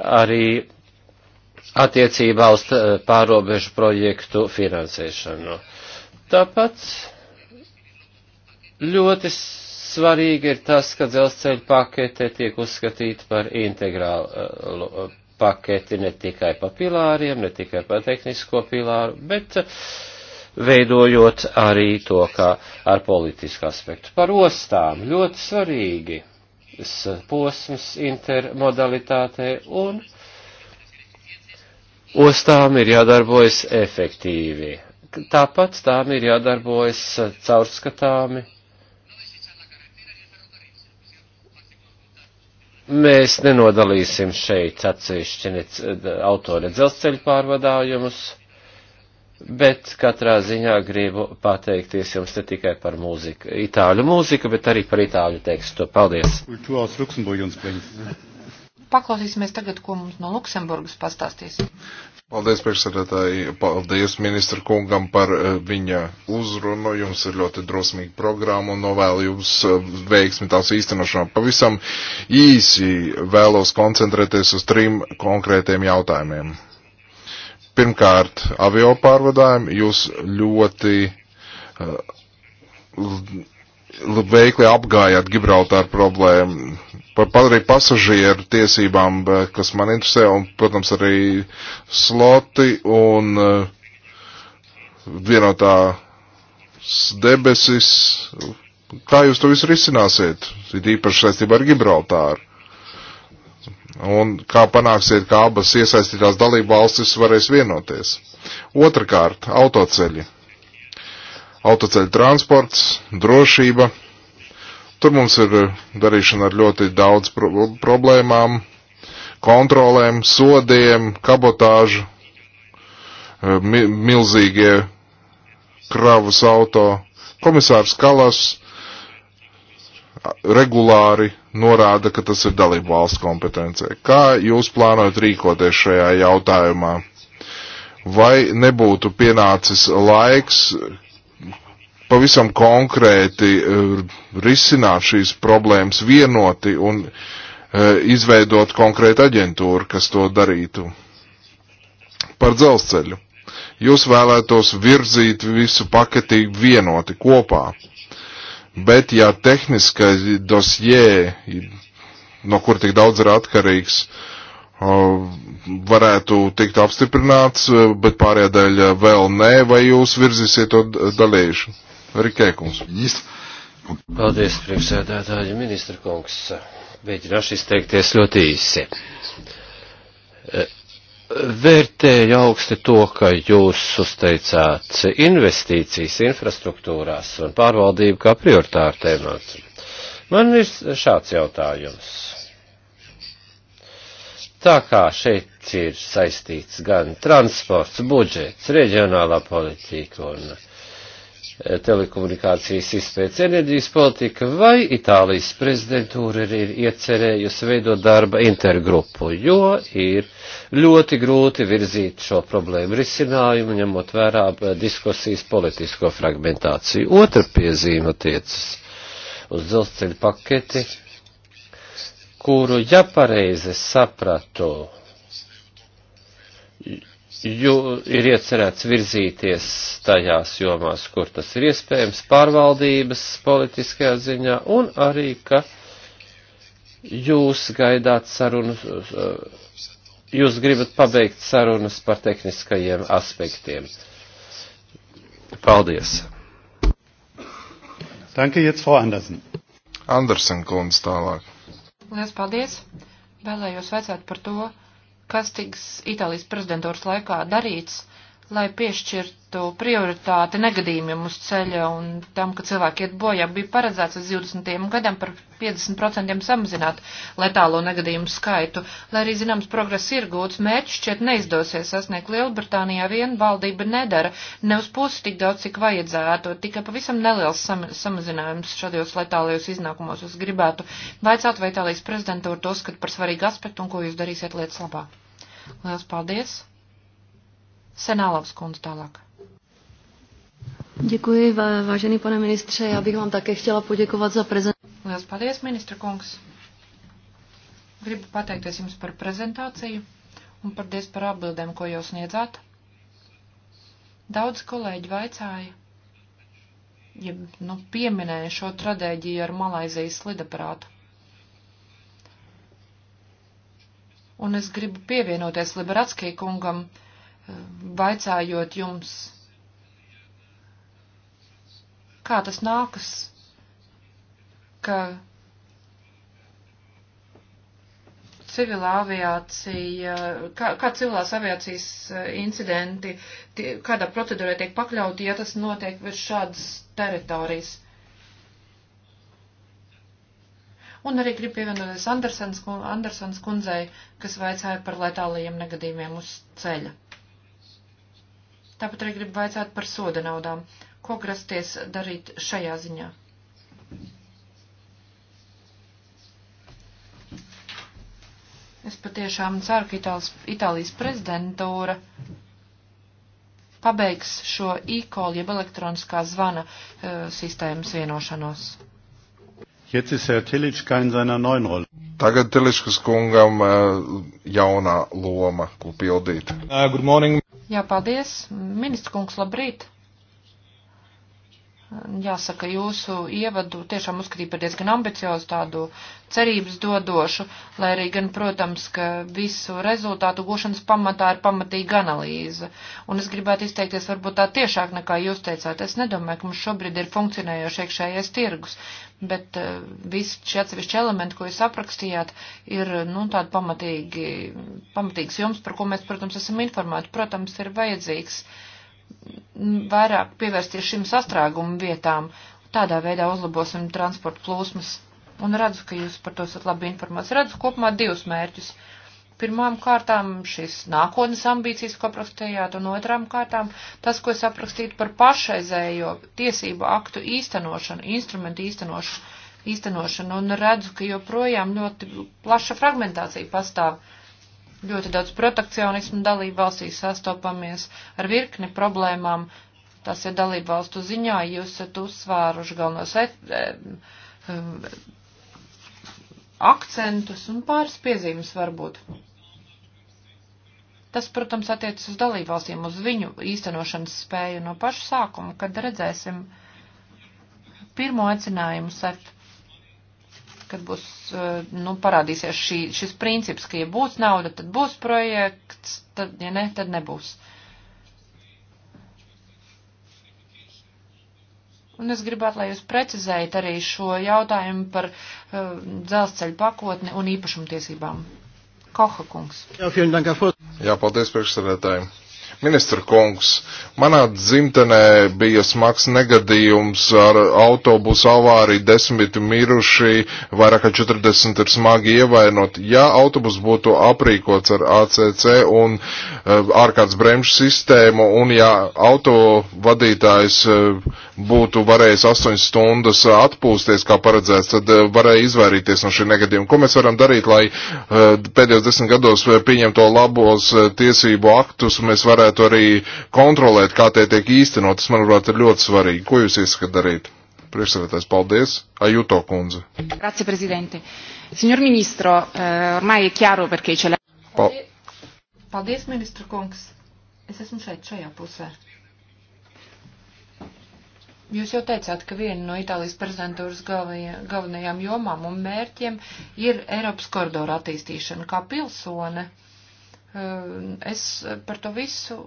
arī attiecībā uz eh, pārobežu projektu finansēšanu. Tāpat ļoti svarīgi ir tas, ka dzelzceļa pakete tiek uzskatīta par integrālu eh, paketi ne tikai pa pilāriem, ne tikai pa tehnisko pilāru, bet eh, veidojot arī to, kā ar politisku aspektu. Par ostām ļoti svarīgi Eh, posms intermodalitātē un ostām ir jādarbojas efektīvi. Tāpat tām ir jādarbojas eh, caurskatāmi. Mēs nenodalīsim šeit atsevišķi eh, autori dzelzceļu pārvadājumus Bet katrā ziņā gribu pateikties jums ne tikai par mūziku, itāļu mūziku, bet arī par itāļu tekstu. Paldies! Paklausīsimies tagad, ko mums no Luksemburgas pastāstīs. Paldies, priekšsēdētāji. Paldies ministra kungam par eh, viņa uzrunu. Jums ir ļoti drosmīga programma un novēlu jums eh, veiksmi tās īstenošanā. Pavisam īsi vēlos koncentrēties uz trim konkrētiem jautājumiem. Pirmkārt, avio pārvadājumi. Jūs ļoti uh, veikli apgājāt Gibraltāru problēmu. Par arī pasažieru tiesībām, kas man interesē, un, protams, arī sloti un uh, vienotā debesis. Kā jūs to visu risināsiet? Ir īpaši saistībā ar Gibraltāru. Un kā panāksiet, ka abas iesaistītās dalība valstis varēs vienoties? Otrakārt, autoceļi. Autoceļu transports, drošība. Tur mums ir darīšana ar ļoti daudz pro problēmām, kontrolēm, sodiem, kabotāžu, e, mi milzīgie kravas auto. Komisārs Kalas regulāri norāda, ka tas ir dalību valsts kompetencija. Kā jūs plānojat rīkoties šajā jautājumā? Vai nebūtu pienācis laiks pavisam konkrēti eh, risināt šīs problēmas vienoti un eh, izveidot konkrētu aģentūru, kas to darītu? Par dzelzceļu. Jūs vēlētos virzīt visu paketī vienoti kopā bet ja tehniska dosjē, no kur tik daudz ir atkarīgs, varētu tikt apstiprināts, bet pārējā daļa vēl nē, vai jūs virzīsiet to dalīšu? Rikēkums. Paldies, priekšsēdētāji, ministra kungs. Mēģināšu izteikties ļoti īsi vērtēju augsti to, ka jūs uzteicāt investīcijas infrastruktūrās un pārvaldību kā prioritāru tēmāts. Man ir šāds jautājums. Tā kā šeit ir saistīts gan transports, budžets, reģionālā politika un uh, telekomunikācijas izpētes enerģijas politika, vai Itālijas prezidentūra ir, ir iecerējusi veidot darba intergrupu, jo ir ļoti grūti virzīt šo problēmu risinājumu, ņemot vērā eh, diskusijas politisko fragmentāciju. Otra piezīme attiecas uz dzelzceļa paketi, kuru, ja pareizi sapratu, jo, ir iecerēts virzīties tajās jomās, kur tas ir iespējams, pārvaldības politiskajā ziņā, un arī, ka jūs gaidāt sarunas, jūs gribat pabeigt sarunas par tehniskajiem aspektiem. Paldies! Danke, jetzt Frau Andersen. Andersen kundze tālāk. Lielas paldies! Vēlējos vecāt par to, kas tiks Itālijas prezidentūras laikā darīts, lai piešķirtu prioritāti negadījumiem uz ceļa un tam, ka cilvēki iet bojā, bija paredzēts līdz 20. gadam par 50% samazināt letālo negadījumu skaitu. Lai arī zināms progress ir gūts, mērķis šķiet neizdosies sasniegt Lielbritānijā, vien valdība nedara ne uz pusi tik daudz, cik vajadzētu, tikai pavisam neliels sam samazinājums šādos letālajos iznākumos. Es gribētu vaicāt, vai Itālijas prezidentūra to skat par svarīgu aspektu un ko jūs darīsiet lietas labā. Lielas paldies! Senálovs kundze tālāk. Děkuji, vážený pane ministře. Já bych vám také chtěla poděkovat za prezentaci. Lielas paldies, ministra kungs. Gribu pateikties jums par prezentāciju un paldies par atbildēm, ko jūs sniedzāt. Daudz kolēģi vaicāja, ja nu, pieminēja šo tradēģiju ar Malaizijas lidaprātu. Un es gribu pievienoties Liberatskī kungam, eh, vaicājot jums, kā tas nākas, ka civilā aviācija, kā, kā civilās aviācijas eh, incidenti, tie, kādā procedūrā tiek pakļauti, ja tas notiek virs šādas teritorijas. Un arī gribu pievienoties Andersons, Andersons kundzei, kas vaicāja par letālajiem negadījumiem uz ceļa. Tāpat arī gribu vaicāt par soda naudām. Ko grasties darīt šajā ziņā? Es patiešām ceru, ka Itālijas, Itālijas prezidentūra pabeigs šo e-call, jeb elektroniskā zvana e, sistēmas vienošanos. Jetzt ist Herr Tilička in seiner neuen Rolle. Tagad Tiličkas kungam eh, jaunā loma, ko pildīt. Uh, good morning. Jā, paldies. Ministra kungs, labrīt. Jāsaka, jūsu ievadu tiešām uzskatīju par diezgan ambiciozu, tādu cerības dodošu, lai arī gan, protams, ka visu rezultātu gūšanas pamatā ir pamatīga analīze. Un es gribētu izteikties varbūt tā tiešāk nekā jūs teicāt. Es nedomāju, ka mums šobrīd ir funkcionējoši iekšējais tirgus bet e, visi šie atsevišķi elementi, ko jūs aprakstījāt, ir, nu, tādi pamatīgi, pamatīgs jums, par ko mēs, protams, esam informēti. Protams, ir vajadzīgs vairāk pievērsties šim sastrēgumu vietām. Tādā veidā uzlabosim transporta plūsmas. Un redzu, ka jūs par to esat labi informēts. Redzu kopumā divus mērķus. Uh, pirmām kārtām šīs nākotnes ambīcijas, ko aprakstījāt, un otrām kārtām tas, ko es aprakstītu par pašreizējo tiesību aktu īstenošanu, instrumentu īstenošanu, īstenošanu, un redzu, ka joprojām ļoti plaša fragmentācija pastāv. Ļoti daudz protekcionismu dalību valstīs sastopamies ar virkni problēmām. Tas ir dalību valstu ziņā, jūs esat uzsvēruši galvenos akcentus un pāris piezīmes varbūt. Tas, protams, attiecas uz dalībvalstīm, uz viņu īstenošanas spēju no paša sākuma, kad redzēsim pirmo aicinājumu SEP, kad būs, eh, nu, parādīsies šī, šis princips, ka ja būs nauda, tad būs projekts, tad, ja ne, tad nebūs. Uh, Un es gribētu, lai jūs precizējat arī šo jautājumu par uh, eh, dzelzceļu pakotni un īpašumtiesībām. Koha kungs. Jā, paldies priekšsēdētājiem. Ministra kungs, manā dzimtenē bija smags negadījums ar autobusu avāriju, desmit miruši, vairāk kā 40 ir smagi ievainot. Ja autobus būtu aprīkots ar ACC un uh, ārkārtas bremžu sistēmu, un ja auto vadītājs uh, eh, būtu varējis 8 stundas uh, atpūsties, kā paredzēts, tad uh, varēja izvairīties no šī negadījuma. Ko mēs varam darīt, lai uh, pēdējos desmit gados pieņemto labos tiesību aktus mēs varētu arī kontrolēt, kā tie tiek īstenot? Tas, manuprāt, ir ļoti svarīgi. Ko jūs ieskat darīt? Priekšsēdētājs, paldies. Ajuto kundze. Grazie, prezidente. Signor ministro, eh, ormai ir chiaro perché ce l'ha. Paldies, ministru kungs. Es esmu šeit, šajā pusē. Jūs jau teicāt, ka viena no Itālijas prezidentūras galvenajām jomām un mērķiem ir Eiropas koridoru attīstīšana kā pilsone. Eh, es par to visu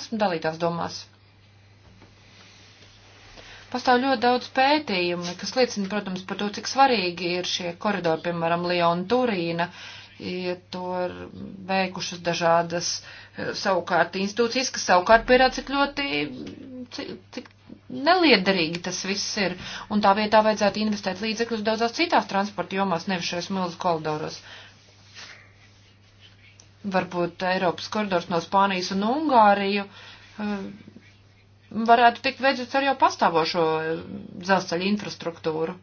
esmu dalītās domās. Pastāv ļoti daudz pētījumu, kas liecina, protams, par to, cik svarīgi ir šie koridori, piemēram, Liona Turīna, ja to ir veikušas dažādas eh, savukārt institūcijas, kas savukārt pierāda, cik ļoti, cik, cik neliederīgi tas viss ir, un tā vietā vajadzētu investēt līdzekļus daudzās citās transporta jomās, nevis šajos milzu koridoros. Varbūt Eiropas koridors no Spānijas un Ungāriju eh, varētu tikt veidots ar jau pastāvošo eh, dzelzceļa infrastruktūru.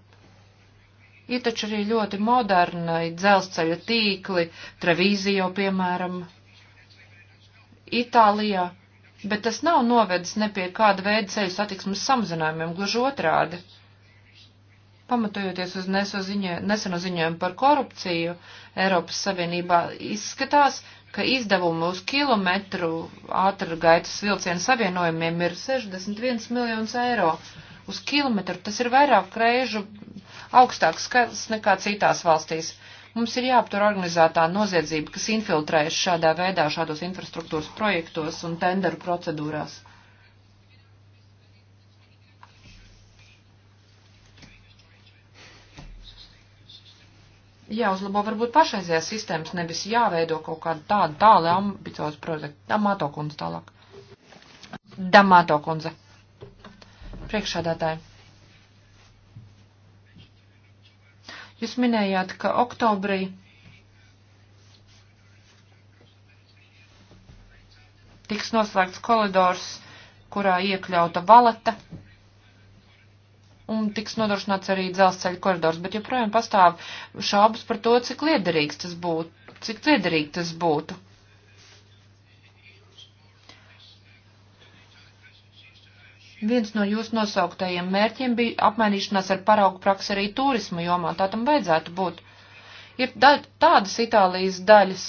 Ir taču arī ļoti modernai dzelzceļa tīkli, Trevīzijo, piemēram, Itālijā bet tas nav novedis ne pie kāda veida ceļu satiksmes samazinājumiem, gluži otrādi. Pamatojoties uz ziņo, neseno ziņojumu par korupciju, Eiropas Savienībā izskatās, ka izdevumi uz kilometru ātrgaitas vilcienu savienojumiem ir 61 miljonus eiro. Uz kilometru tas ir vairāk reižu augstāks skats nekā citās valstīs. Uh, Mums ir jāaptur organizētā noziedzība, kas infiltrējas šādā veidā, šādos infrastruktūras projektos un tenderu procedūrās. Jāuzlabo varbūt pašreizējās sistēmas, nevis jāveido kaut kāda tāda tāla ambicioza projekta. Damāto kundze tālāk. Damāto kundze. Priekšādātāji. Jūs minējāt, ka oktobrī tiks noslēgts koridors, kurā iekļauta valeta, un tiks nodrošināts arī dzelzceļa koridors, bet joprojām pastāv šaubas par to, cik liederīgs tas būtu, cik liederīgi tas būtu. Viens no jūsu nosauktajiem mērķiem bija apmainīšanās ar paraugu praksi arī turismu jomā. Tā tam vajadzētu būt. Ir daļ, tādas Itālijas daļas,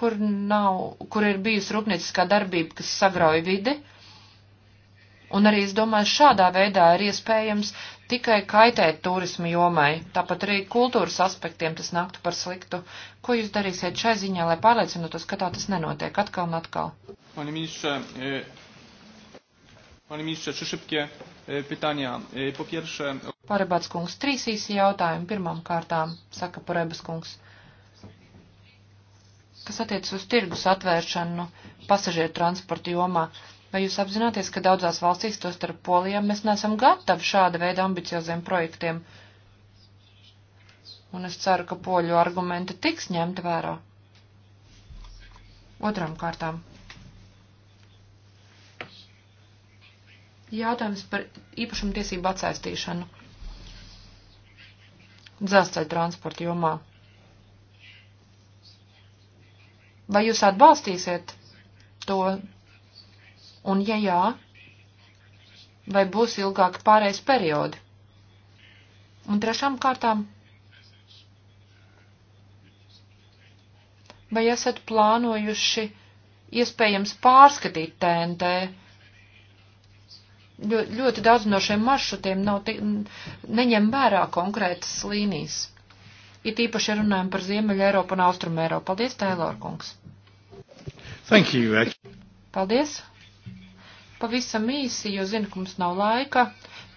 kur, nav, kur ir bijusi rūpnieciskā darbība, kas sagrauj vidi. Un arī, es domāju, šādā veidā ir iespējams tikai kaitēt turismu jomai, tāpat arī kultūras aspektiem tas nāktu par sliktu. Ko jūs darīsiet šai ziņā, lai pārliecinātos, ka tā tas nenotiek atkal un atkal? Mani ministrs, e eh, Panie ministrze, trzy szybkie e, pytania. E, po pierwsze... Parebats kungs, trīs īsi jautājumi pirmām kārtām, saka Parebas kungs. Kas attiecas uz tirgus atvēršanu pasažieru transporta jomā, vai jūs apzināties, ka daudzās valstīs, to starp Polijām, mēs neesam gatavi šāda veida ambicioziem projektiem? Un es ceru, ka poļu argumenti tiks ņemti vērā. Otram kārtām Jautājums par īpašumtiesību atsaistīšanu dzelzceļa transporta jomā. Vai jūs atbalstīsiet to? Un, ja jā, vai būs ilgāki pārējais periodi? Un trešām kārtām, vai esat plānojuši iespējams pārskatīt TNT? ļoti daudz no šiem maršrutiem nav, te, neņem vērā konkrētas līnijas. Ir tīpaši runājam par Ziemeļa Eiropu un Austrumu Eiropu. Paldies, Tēlor kungs. Thank you. Paldies. Pavisam īsi, jo zinu, ka mums nav laika.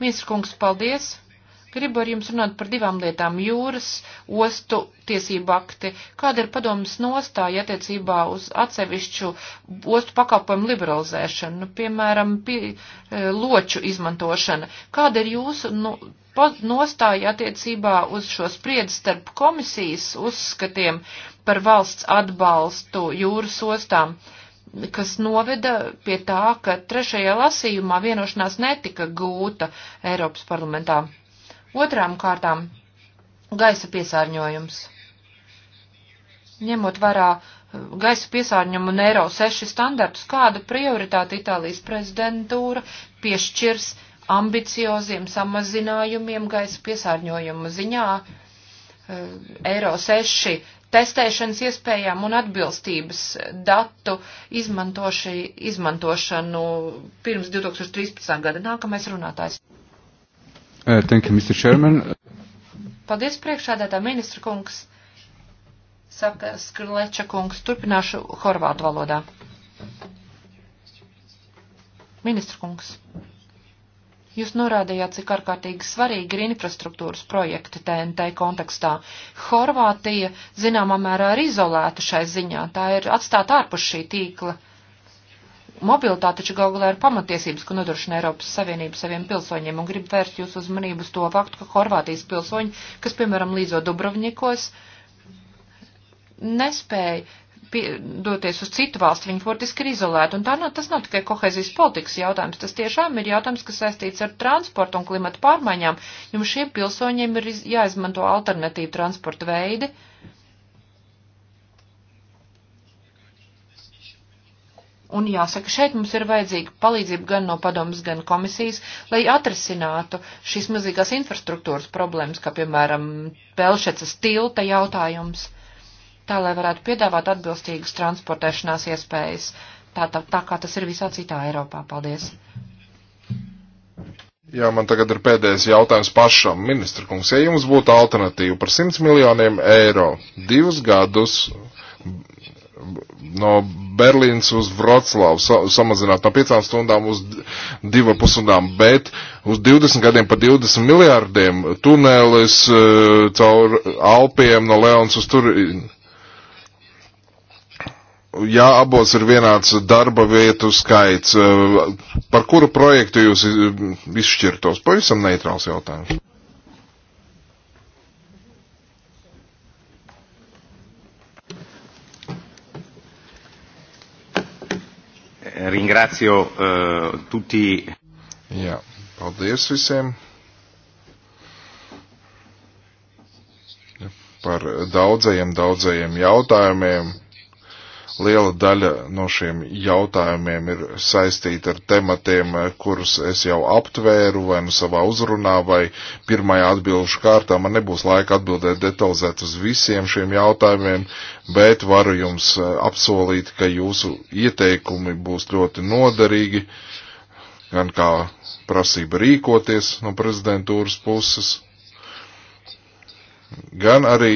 Ministrs kungs, paldies. Gribu ar jums runāt par divām lietām - jūras, ostu tiesību akti. Kāda ir padomas nostāja attiecībā uz atsevišķu ostu pakalpojumu liberalizēšanu, nu, piemēram, pie, e, loču izmantošana? Kāda ir jūsu nu, nostāja attiecībā uz šo spriedzi starp komisijas uzskatiem par valsts atbalstu jūras ostām? kas noveda pie tā, ka trešajā lasījumā vienošanās netika gūta Eiropas parlamentā. Otrām kārtām - gaisa piesārņojums. Ņemot vērā eh, gaisa piesārņojumu un Eiro 6 standartus, kādu prioritāti Itālijas prezidentūra piešķirs ambicioziem samazinājumiem gaisa piesārņojumu ziņā eh, Eiro 6 testēšanas iespējām un atbilstības datu izmantoši, izmantošanu pirms 2013. gada. Nākamais runātājs. Uh, thank you, Mr. Chairman. Paldies priekšādātā ministra kungs. Saka Skrleča kungs. Turpināšu horvātu valodā. Ministra kungs. Jūs norādījāt, cik ārkārtīgi svarīgi ir infrastruktūras projekti TNT kontekstā. Horvātija zināmā mērā ir izolēta šai ziņā, tā ir atstāta ārpus šī tīkla. Uh, Mobilitāte taču galu galā ir pamatiesības, ko nodrošina Eiropas Savienība saviem pilsoņiem, un gribu vērst jūsu uzmanību uz to faktu, ka Horvātijas pilsoņi, kas, piemēram, līdzo Dubrovnikos, nespēja pie, doties uz citu valstu, viņi fortiski ir izolēti, un tā nav, tas nav tikai kohezijas politikas jautājums, tas tiešām ir jautājums, kas saistīts ar transportu un klimatu pārmaiņām, jums šiem pilsoņiem ir jāizmanto alternatīvu transporta veidi, uh, Un jāsaka, šeit mums ir vajadzīga palīdzība gan no padomas, gan komisijas, lai atrisinātu šīs milzīgās infrastruktūras problēmas, kā piemēram Pelšecas tilta jautājums, tā lai varētu piedāvāt atbilstīgas transportēšanās iespējas, tā, tā, tā kā tas ir visā citā Eiropā. Paldies! Jā, man tagad ir pēdējais jautājums pašam. Ministra kungs, ja jums būtu alternatīva par 100 miljoniem eiro divus gadus no Berlīnas uz Vroclavu sa samazināt no 5 stundām uz 2,5 stundām, bet uz 20 gadiem pa 20 miljārdiem tunelis uh, caur Alpiem no Leons uz tur. Jā, abos ir vienāds darba vietu skaits. Uh, par kuru projektu jūs e, izšķirtos? Pavisam neitrāls jautājums. Ringrazio uh, tutti. Jā, paldies visiem. Par daudzajiem, daudzajiem jautājumiem Liela daļa no šiem jautājumiem ir saistīta ar tematiem, kurus es jau aptvēru vai nu savā uzrunā vai pirmajā atbilžu kārtā. Man nebūs laika atbildēt detalizēt uz visiem šiem jautājumiem, bet varu jums eh, apsolīt, ka jūsu ieteikumi būs ļoti noderīgi, gan kā prasība rīkoties no prezidentūras puses, gan arī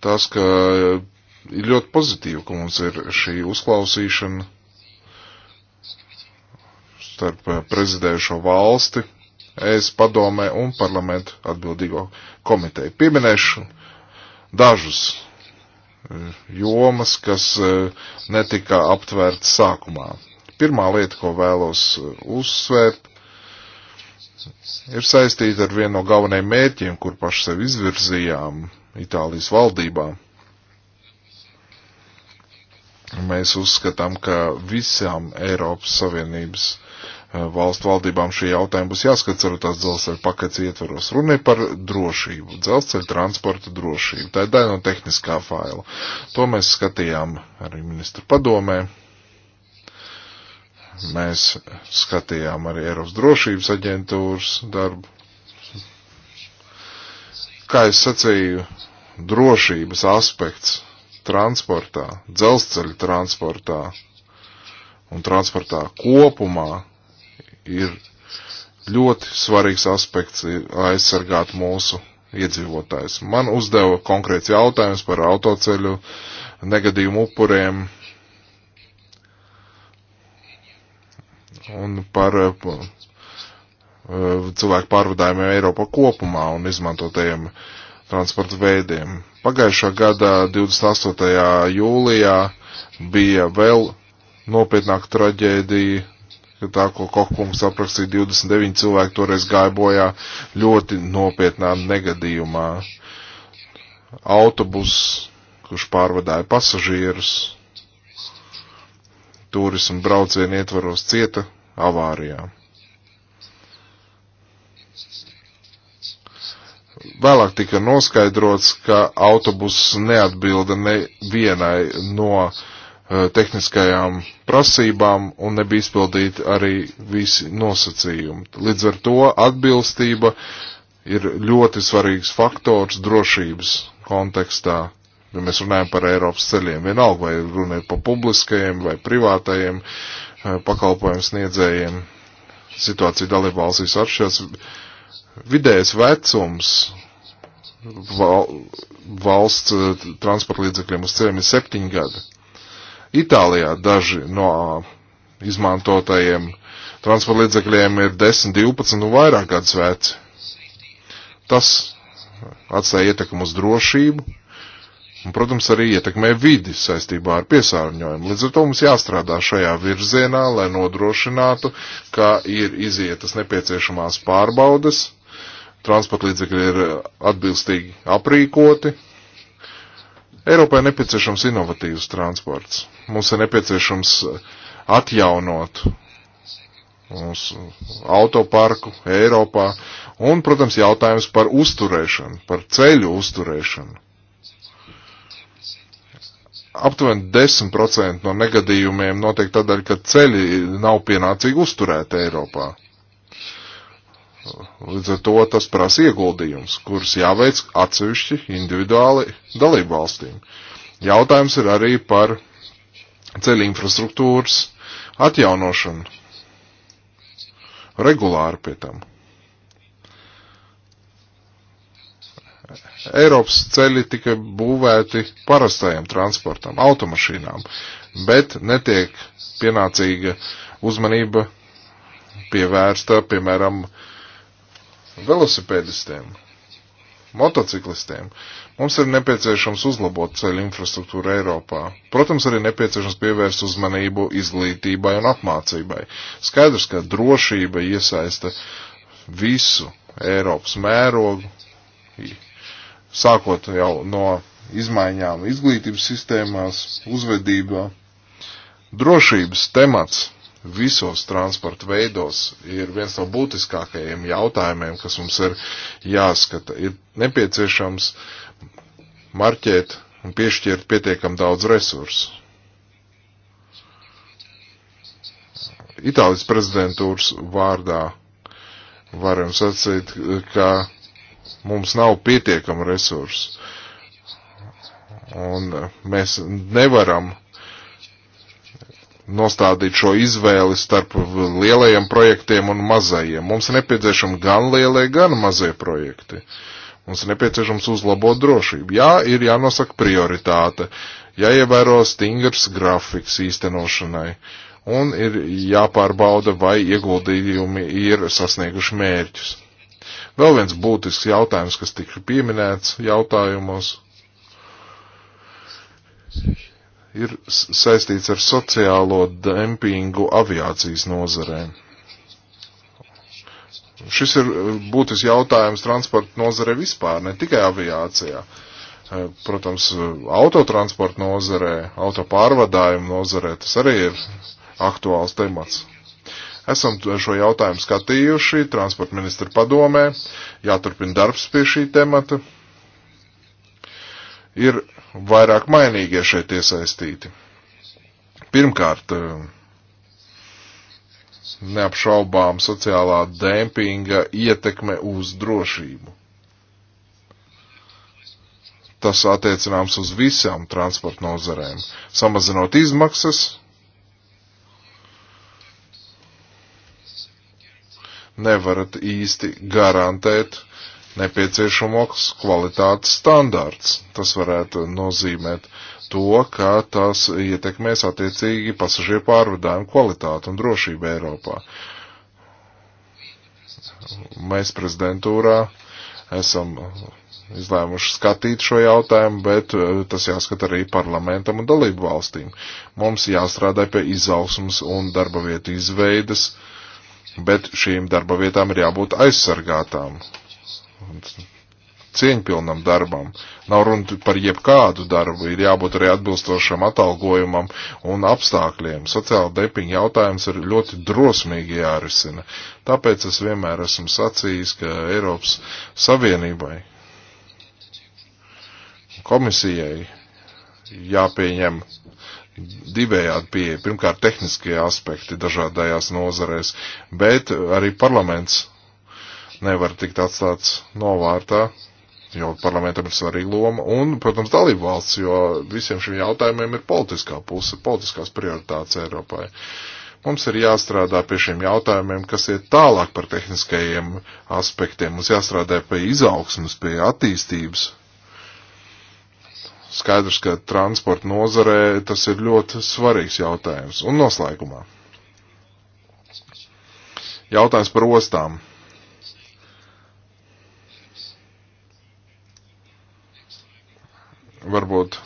tas, ka ir ļoti pozitīvi, ka mums ir šī uzklausīšana starp eh, prezidējušo valsti, es padomē un parlamentu atbildīgo komiteju. Pieminēšu dažus eh, jomas, kas eh, netika aptvērts sākumā. Pirmā lieta, ko vēlos uzsvērt, ir saistīta ar vienu no galvenajiem mērķiem, kur paši sev izvirzījām Itālijas valdībām Mēs uzskatām, ka visām Eiropas Savienības eh, valstu valdībām šie jautājumi būs jāskatās ar tās dzelzceļa paketes ietvaros. Runa ir par drošību, dzelzceļa transporta drošību. Tā ir daļa no tehniskā faila. To mēs skatījām arī ministru padomē. Mēs skatījām arī Eiropas drošības aģentūras darbu. Kā es sacīju, drošības aspekts transportā, dzelzceļa transportā un transportā kopumā ir ļoti svarīgs aspekts aizsargāt mūsu iedzīvotājs. Man uzdeva konkrēts jautājums par autoceļu negadījumu upuriem un par uh, cilvēku pārvadājumiem Eiropā kopumā un izmantotajiem transporta veidiem. Pagājušā gada 28. jūlijā bija vēl nopietnāka traģēdija, ka tā, ko Kokkungs aprakstīja, 29 cilvēki toreiz gāja bojā ļoti nopietnā negadījumā. Autobus, kurš pārvadāja pasažierus, turismu braucienu ietvaros cieta avārijā. Vēlāk tika noskaidrots, ka autobuss neatbilda nevienai no uh, tehniskajām prasībām un nebija izpildīti arī visi nosacījumi. Līdz ar to atbilstība ir ļoti svarīgs faktors drošības kontekstā, ja mēs runājam par Eiropas ceļiem. Vienalga, vai runa ir par publiskajiem vai privātajiem eh, pakalpojumu sniedzējiem, situācija dalībvalstīs atšķiras Vidējais vecums val, valsts eh, transporta līdzekļiem uz ceļiem ir septiņi gadi. Itālijā daži no izmantotajiem transporta līdzekļiem ir 10, 12 un vairāk gadus veci. Tas atstāja ietekmu uz drošību un, protams, arī ietekmē vidi saistībā ar piesārņojumu. Līdz ar to mums jāstrādā šajā virzienā, lai nodrošinātu, ka ir izietas nepieciešamās pārbaudes transportlīdzekļi ir atbilstīgi aprīkoti. Eiropai nepieciešams inovatīvs transports. Mums ir nepieciešams atjaunot mūsu autoparku Eiropā un, protams, jautājums par uzturēšanu, par ceļu uzturēšanu. Aptuveni 10% no negadījumiem notiek tādēļ, ka ceļi nav pienācīgi uzturēti Eiropā. Līdz ar to tas prasa ieguldījums, kurus jāveic atsevišķi individuāli dalību valstīm. Jautājums ir arī par ceļu infrastruktūras atjaunošanu. Regulāri pie tam. Eiropas ceļi tika būvēti parastajam transportam, automašīnām, bet netiek pienācīga uzmanība pievērsta, piemēram, uh, velosipēdistiem, motociklistiem. Mums ir nepieciešams uzlabot ceļu infrastruktūru Eiropā. Protams, arī nepieciešams pievērst uzmanību izglītībai un apmācībai. Skaidrs, ka drošība iesaista visu Eiropas mērogu, sākot jau no izmaiņām izglītības sistēmās, uzvedībā. Drošības temats visos transporta veidos ir viens no būtiskākajiem jautājumiem, kas mums ir jāskata. Ir nepieciešams marķēt un piešķirt pietiekam daudz resursu. Itālijas prezidentūras vārdā varam sacīt, ka mums nav pietiekama resursa. Un mēs nevaram nostādīt šo izvēli starp lielajiem projektiem un mazajiem. Mums ir nepieciešami gan lielie, gan mazie projekti. Mums ir nepieciešams uzlabot drošību. Jā, ir jānosaka prioritāte, jāievēro stingrs grafiks īstenošanai un ir jāpārbauda, vai ieguldījumi ir sasnieguši mērķus. Vēl viens būtisks jautājums, kas tika pieminēts jautājumos ir saistīts ar sociālo dempingu aviācijas nozarē. Šis ir eh, būtisks jautājums transporta nozarē vispār, ne tikai aviācijā. Eh, protams, autotransporta nozarē, autopārvadājuma nozarē tas arī ir aktuāls temats. Esam šo jautājumu skatījuši transporta ministra padomē, jāturpina darbs pie šī temata. Ir vairāk mainīgie šeit iesaistīti. Pirmkārt, eh, neapšaubām sociālā dēmpinga ietekme uz drošību. Tas attiecināms uz visām transporta nozarēm, samazinot izmaksas, nevarat īsti garantēt nepieciešamos kvalitātes standārts. Tas varētu nozīmēt to, ka tas ietekmēs attiecīgi pasažieru pārvadājumu kvalitāti un drošību Eiropā. Mēs prezidentūrā esam izlēmuši skatīt šo jautājumu, bet eh, tas jāskat arī parlamentam un dalību valstīm. Mums jāstrādā pie izaugsmas un darba vietu izveidas, bet šīm darba vietām ir jābūt aizsargātām cieņpilnam darbam. Nav runa par jebkādu darbu, ir jābūt arī atbilstošam atalgojumam un apstākļiem. Sociāla depinga jautājums ir ļoti drosmīgi jārisina. Tāpēc es vienmēr esmu sacījis, ka Eiropas Savienībai, komisijai jāpieņem divējādi pieeja. Pirmkārt, tehniskie aspekti dažādajās nozarēs, bet arī parlaments nevar tikt atstāts novārtā, jo parlamentam ir svarīga loma, un, protams, dalību valsts, jo visiem šiem jautājumiem ir politiskā puse, politiskās prioritātes Eiropai. Mums ir jāstrādā pie šiem jautājumiem, kas iet tālāk par tehniskajiem aspektiem. Mums jāstrādā pie izaugsmas, pie attīstības. Skaidrs, ka transporta nozarē tas ir ļoti svarīgs jautājums. Un noslēgumā. Jautājums par ostām varbūt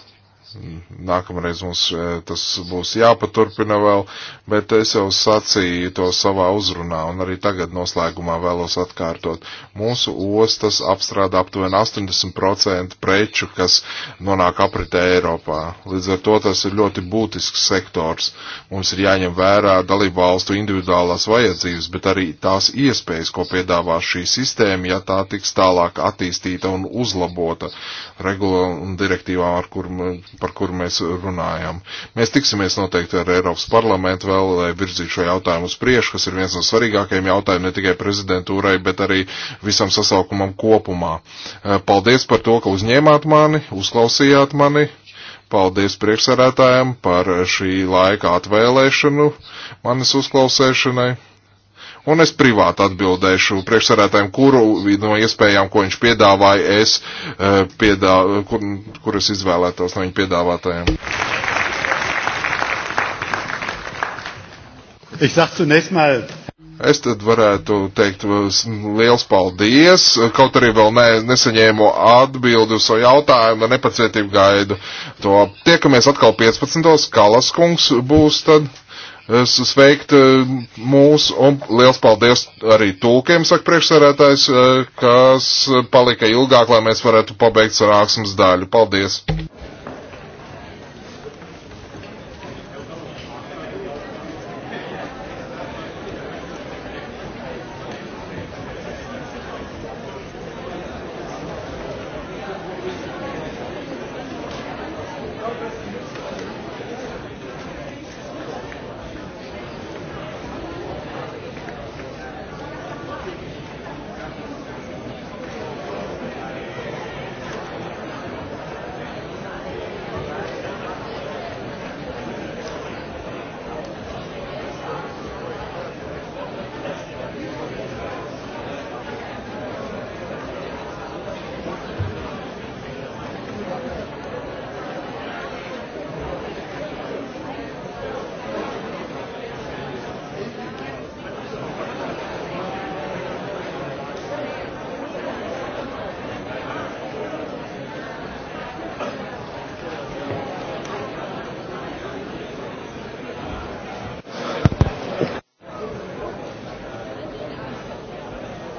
Nākamreiz mums e, tas būs jāpaturpina vēl, bet es jau sacīju to savā uzrunā un arī tagad noslēgumā vēlos atkārtot. Mūsu ostas apstrādā aptuveni 80% preču, kas nonāk apritē Eiropā. Līdz ar to tas ir ļoti būtisks sektors. Mums ir jāņem vērā dalību valstu individuālās vajadzības, bet arī tās iespējas, ko piedāvā šī sistēma, ja tā tiks tālāk attīstīta un uzlabota regula un direktīvā, ar kur par kuru mēs runājam. Mēs tiksimies noteikti ar Eiropas parlamentu vēl, lai virzītu šo jautājumu uz priekšu, kas ir viens no svarīgākajiem jautājumiem ne tikai prezidentūrai, bet arī visam sasaukumam kopumā. Eh, paldies par to, ka uzņēmāt mani, uzklausījāt mani. Paldies priekšsarētājiem par šī laika atvēlēšanu manas uzklausēšanai. Un es privāti atbildēšu priekšsarētājiem, kuru no iespējām, ko viņš piedāvāja, es, eh, piedā, kur, kur es izvēlētos no viņa piedāvātajiem. Ich sag zunächst mal, Es tad varētu teikt eh, liels paldies, kaut arī vēl ne, nesaņēmu atbildi uz savu jautājumu, nepacietību gaidu. To tiekamies atkal 15. Kalas kungs būs tad sveikt eh, mūs, un liels paldies arī tūkiem, saka priekšsarētājs, eh, kas palika ilgāk, lai mēs varētu pabeigt sanāksmes daļu. Paldies!